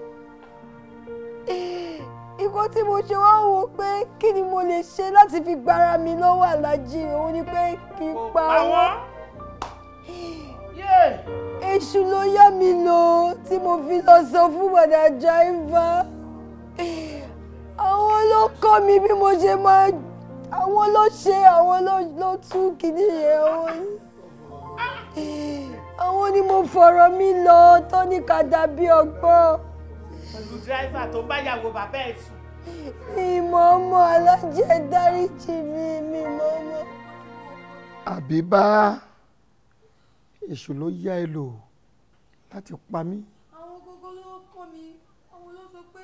nǹkan tí mo ṣe wá wò pé kí ni mo lè ṣe láti fi gbára mi lọ́wọ́ alájí òun ni pé kí n pa wọ́n. èṣù ló yá mi lò tí mo fi lọ sọ fún bàdà jáìvá àwọn ló kọ́ mi bí mo ṣe máa àwọn ló ṣe àwọn ló tú kìíní yẹn àwọn ni mo fọ̀rọ̀ mi lọ tó ní ká ọgbọ́n. pẹ̀lú dírẹ́fà tó báyàwó bàbá ẹ̀ sùn ìmọ̀ọ́mọ́ alájẹ dáríjì mi mi mọ́mọ́. àbí bá èṣù ló yá ẹ lò láti pa mí. àwọn gbogbo ló kọ́ mi àwọn ló sọ pé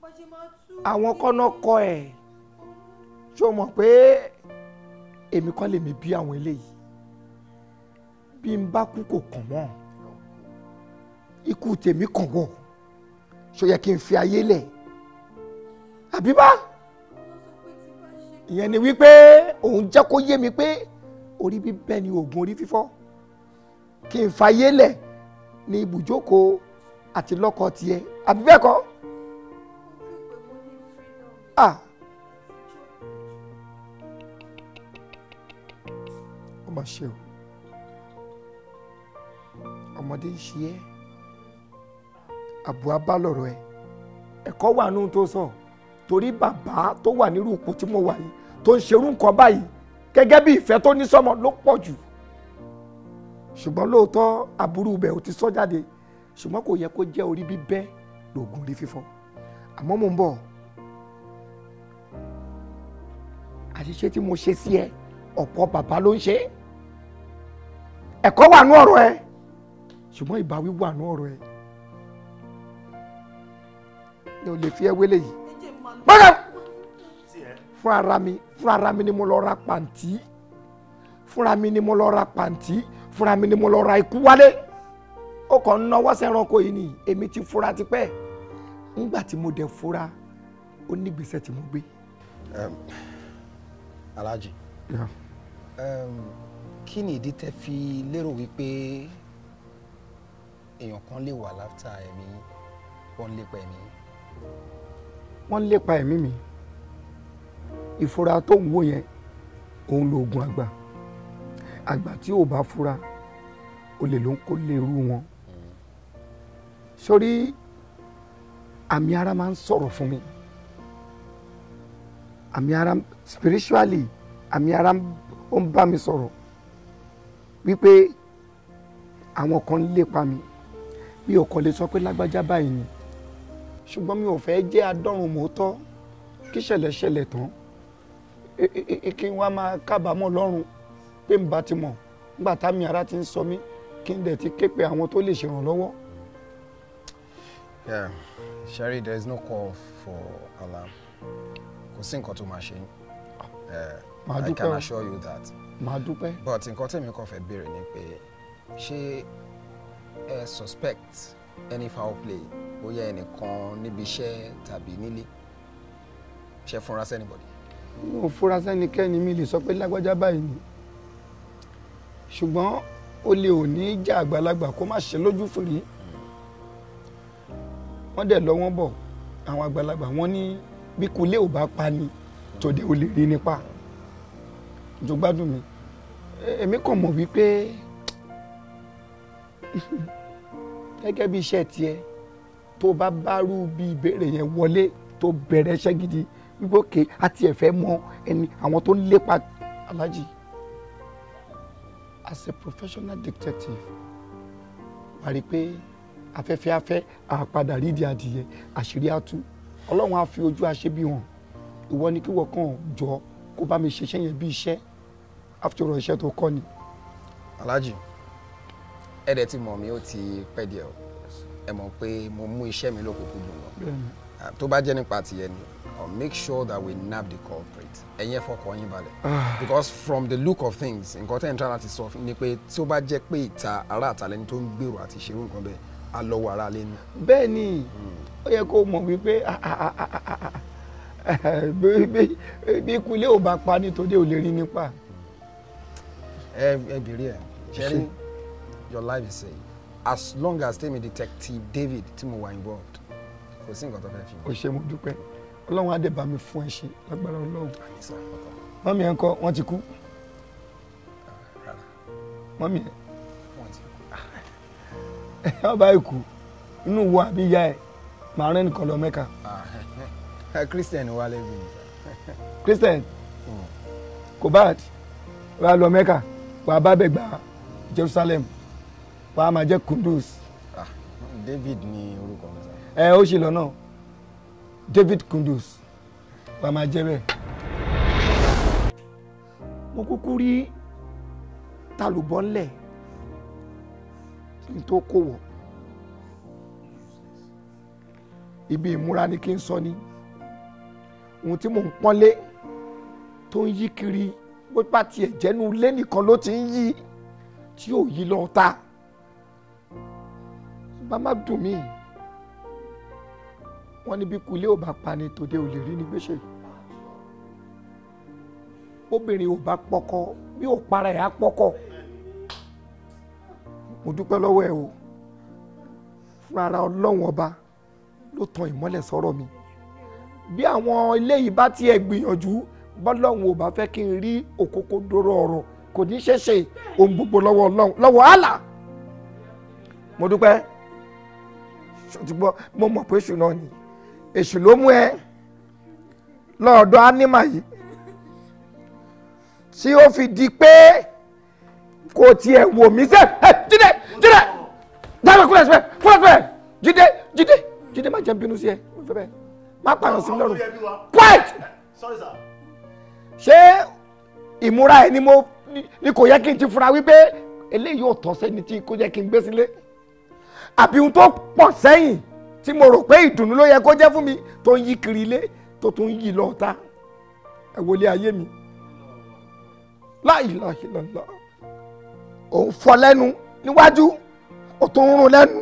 bàjẹ́ máa tú. àwọn kọ́nà kọ ẹ̀ ṣó mọ̀ pé èmi kọ́ lèmi bí àwọn eléyìí bí n bá kú kò kàn wọ́n ikú tèmi kàn wọ́n ṣó yẹ kí n fi ayé lẹ̀ àbíbá ìyẹn ni wípé òun jẹ́ kó yé mi pé orí bíbẹ́ ni oògùn orí fífọ́ kí n fàyè lẹ̀ ní ibùjókòó àti lọ́kọ̀ tiẹ̀ àbí bẹ́ẹ̀ kọ́ à ó mà ṣe o ọmọdé ń ṣe é àbúrò abá lọ̀rọ̀ ẹ̀ ẹ̀kọ́ wà nù tó sọ. So torí bàbá tó wà nírú ipò tí mo wà yìí tó ń ṣerú nǹkan báyìí gẹ́gẹ́ bí ìfẹ́ tó ní sọ́mọ ló pọ̀ jù ṣùgbọ́n lóòótọ́ aburú ibẹ̀ ò ti sọ jáde ṣùgbọ́n kò yẹ kó jẹ́ orí bíbẹ́ lògùn orí fífọ́ àmọ́ mò ń bọ̀ àṣìṣe tí mo ṣe sí ẹ ọ̀pọ̀ bàbá ló ń ṣe ẹ̀kọ́ wà nú ọ̀rọ̀ ẹ ṣùgbọ́n ìbáwí wà nú ọ̀rọ̀ ẹ mi ò lè fi ẹ wélé yìí gbọ́dọ̀ eh. fún mi fún mi ni mo lọ ra pàǹtí fúnra mi ni mo lọ ra pàǹtí fúnra mi ni mo lọ ra ikú wálé ó kàn ń náwó sẹ́ranko yìí ni èmi ti fura tipẹ́ ńgbà tí mo dẹ̀ fura ó ní gbèsè tí mo gbé. Alhaji kí ni ìdí tẹ́ fi lérò wípé èèyàn kan lè wà láfta ẹ̀mí wọ́n lépa ẹ̀mí wọ́n ń lépa ẹ̀mí mi ìfura tó ń wò yẹn òun lóògùn àgbà àgbà tí ò bá fura olè ló ń kó lérú wọn sórí àmì ara máa ń sọ̀rọ̀ fún mi àmì ara spiritually àmì ara ó ń bá mi sọ̀rọ̀ wípé àwọn kan ń lépa mi mi ò lè sọ pé lágbájá báyìí ni ṣùgbọ́n mi ò fẹ́ jẹ́ adọ́run mọ́tọ́ kí ṣẹlẹ̀ ṣẹlẹ̀ tán kí n máa kábàámọ̀ lọ́rùn pé n bá ti mọ̀ nígbà támi ara ti ń sọ mí kí n dẹ̀ ti ké pe àwọn tó lè ṣèrànlọ́wọ́. yeah Sherry there is no call for alarm kò sí nǹkan tó máa ṣe eh, I can assure you that. but nǹkan tèmi kàn fẹ́ béèrè ni pé ṣé ẹ suspect any foul play bóyá ẹnìkan níbi iṣẹ́ tàbí nílé ṣe fúnra sẹ́nìbọ̀dì. mo ò fúnra sẹ́nikẹ́ni mi lè sọ pé lágbájá báyìí ni ṣùgbọ́n ó lè ò ní já àgbàlagbà kó má ṣe lójú fìrí wọ́n dẹ̀ lọ́wọ́ bọ̀ àwọn àgbàlagbà wọ́n ní bí kulé ò bá pa ni tòde ò lè rí nípa jọgbádùn mi èmi kàn mọ̀ wípé gẹ́gẹ́ bí iṣẹ́ tiẹ̀ tó bá bárú bí ìbéèrè yẹn wọlé tó bẹ̀rẹ̀ iṣẹ́ gidi wípé àti ẹ̀fẹ́ mọ ẹni àwọn tó ń lépa alájì as a professional detective wà rí pé afẹ́fẹ́ afẹ́ àpadà rídìí adìyẹ àṣírí àtú ọlọ́run á fi ojú aṣebí hàn ìwọ ni kí wọ́n kàn jọ kó bá mi ṣiṣẹ́ yẹn bí iṣẹ́ after iṣẹ́ tó kọ́ ni. alájì ẹ̀dẹ̀ tí mọ̀ mi ó ti pẹ́ díẹ̀ o ẹ mọ̀ pé mo mú iṣẹ́ mi lókùnkúndùn lọ tó bá jẹ́ nípa tìyẹn ni make sure that we nab the culprit ẹ̀yẹn fọkàn yín balẹ̀ ah. because from the look of things nǹkan tẹ́ ń tán láti sọ ni pé tí ó bá jẹ́ pé ìta ará àtàlẹ́ni tó ń gbèrò àti ṣerú nǹkan bẹ́ẹ̀ á lọ́wọ́ ara lé nu. bẹ́ẹ̀ ni hmm. ó yẹ kó mọ̀ wípé bí ikú ilé ò bá pa nítorí ò lè rí nípa. ẹ ẹ bèrè ẹ ṣe rí your life is safe as long as tèmi detective David tí were involved kò sí nǹkan tó fẹ́ fi. o ṣe mo dúpẹ́ ọlọ́run á dẹ̀ bá mi fún ẹ ṣe lágbára ọlọ́run mọ́mí ẹ̀ ń kọ́ wọ́n ti kú mọ́mí ẹ̀ ẹ̀ ọba ikú inú wo àbí ya ẹ̀ màá rẹ́ nìkan lọ mẹ́ka. Ah, Christian wà lẹ́bi. Christian hmm. kò bá àti wà lọ mẹ́ka wà bá bẹ̀ gba Jerusalem wàá máa jẹ́ Kudus. Ah, David ni orúkọ mi. ẹ ó ṣì lọ́nà David Kudus wàá máa jẹ́ bẹ́ẹ̀. mo kúkú rí talùbọ́ kí n tó kó wọ̀ ibi ìmúra ni kí n sọ ni ohun tí mò ń pọ́nlé tó ń yí kiri bó bá tiẹ̀ jẹ́nu ilé nìkan ló ti ń yí tí ò yí lọ́ta màmá dùn mí wọ́n ní bí kulé ò bá pani tòde ò lè rí ní gbèsè obìnrin ò bá pọkọ bí ò para ẹ̀ á pọkọ mo dúpẹ́ lọ́wọ́ ẹ o fúnra ọlọ́run ọba ló tan ìmọ́lẹ̀ sọ̀rọ̀ mi bí àwọn eléyìí bá tiẹ̀ gbìyànjú bọ́lọ́run ò bá fẹ́ kí n rí òkókó dóró ọ̀rọ̀ kò ní ṣeéṣe ohun gbogbo lọ́wọ́ ọlọ́run lọ́wọ́ àlà mo dúpẹ́ ṣùgbọ́n mo mọ̀ pé èṣù náà ni èṣù ló mú ẹ lọ́ọ̀dọ̀ ánímà yìí tí ó fi di pé kò tiẹ̀ wò mí sẹ́ ẹ jíde jíde dábàá kúrẹ́ síbẹ̀ kúrẹ́ síbẹ̀ jíde jíde jíde má jẹ́ bínú sí ẹ má pààyàn sí mi lọ́rùn quiet ṣé ìmúra ẹ ni mo ni kò yẹ kí n ti fura wípé eléyìí ò tọ́ sẹ́ni tí kò yẹ kí n gbé sílé àbí ohun tó pọ̀ sẹ́yìn tí mo rò pé ìdùnnú ló yẹ kó jẹ́ fún mi tó ń yí kiri ilé tó tún ń yí lọ ta ẹ wọlé ayé mi láìláìlọ́lá òun fọ lẹ́nu níwájú ó tún ń rún lẹ́nu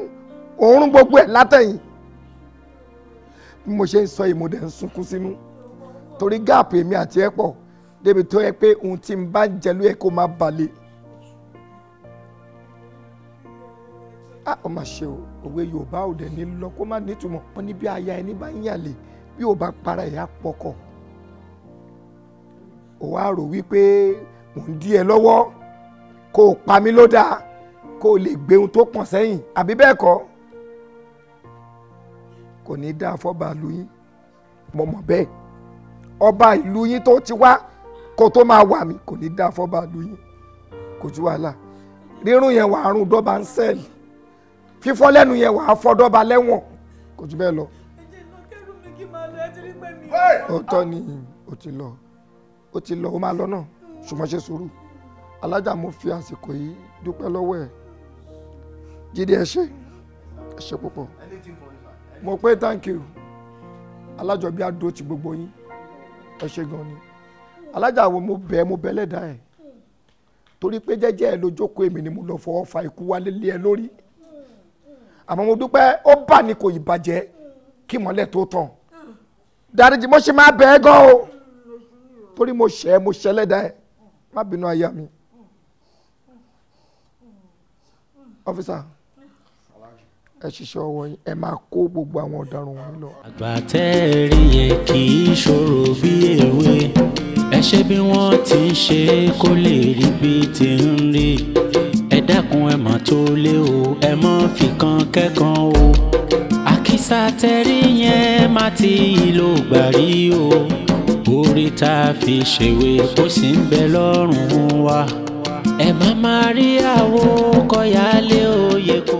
òórùn gbogbo ẹ̀ látẹ̀yìn bí mo ṣe ń sọ ìmọ̀dé ń sunkún sínú torí gáàpù èmi àti ẹ̀ pọ̀ débi tó yẹ pé ohun tí n bá jẹ ló yẹ kó máa balẹ̀. a ah, ó mà ṣe o òwe yorùbá ò dẹ̀ ní lọ kó má nítumọ̀ wọn ní bí aya ẹni bá ń yàlè bí ò bá para ẹ̀ pọkọ ò wá rò wípé mò ń dí ẹ lọ́wọ́ kó o pa mí ló dáa kó o lè gbéhun tó pọ̀n sẹ́yìn àbí bẹ́ẹ̀ kọ́ kò ní dáa fọ́ba ìlú yín mọ̀mọ́ bẹ́ẹ̀ ọba ìlú yín tó ti wá kó tó máa wà mí kò ní dáa fọ́ba ìlú yín kò ju wàhálà rírun yẹn wàá rún dọ́ba ń sẹ́ẹ̀lì fífọ́ lẹ́nu yẹn wàá fọdọ́ba lẹ́wọ̀n kò jù bẹ́ẹ̀ lọ. òótọ́ ni ó ti lọ ó ti lọ ó máa lọ náà ṣùgbọ́n ṣe sùúrù alájà mo fi àsìkò yìí dúpẹ́ lọ́wọ́ ẹ̀ jíde ẹ ṣé ẹ ṣé púpọ̀ mo pé thank you alájọbí àdó ti gbogbo yín ẹ ṣé gan ni alájà wo mo bẹ̀ mo bẹ̀ lẹ́dàá ẹ̀ torí pé jẹ́jẹ́ ẹ lójókòó èmi ni mo lọ fọwọ́ fa ikú wálé lé ẹ lórí àmọ́ mo dúpẹ́ ó bà ní kò ìbàjẹ́ kí mọ́lẹ̀ tó tàn dáríjì mo ṣe máa bẹ̀ ẹ́ gan o torí mo ṣẹ̀ mo ṣẹ̀ lẹ́dà ẹ̀ má bínú aya mi ọ́fíìsà ẹ ṣiṣẹ́ ọwọ́ yín ẹ máa kó gbogbo àwọn ọ̀daràn wọn lọ. àgbà tẹ́ ẹ yẹn kì í ṣòro bí èwe ẹ ṣe bí wọ́n ti ń ṣe kó lè rí bí ti ń rí tó lé o ẹ mọ́ fi kan kẹ́kan o àkísà tẹ́rí yẹn má ti ìlò gbàrí o orí tá a fi ṣèwé ó sì ń bẹ lọ́rùn wa ẹ má má rí àwo kọ́yálé òye kò.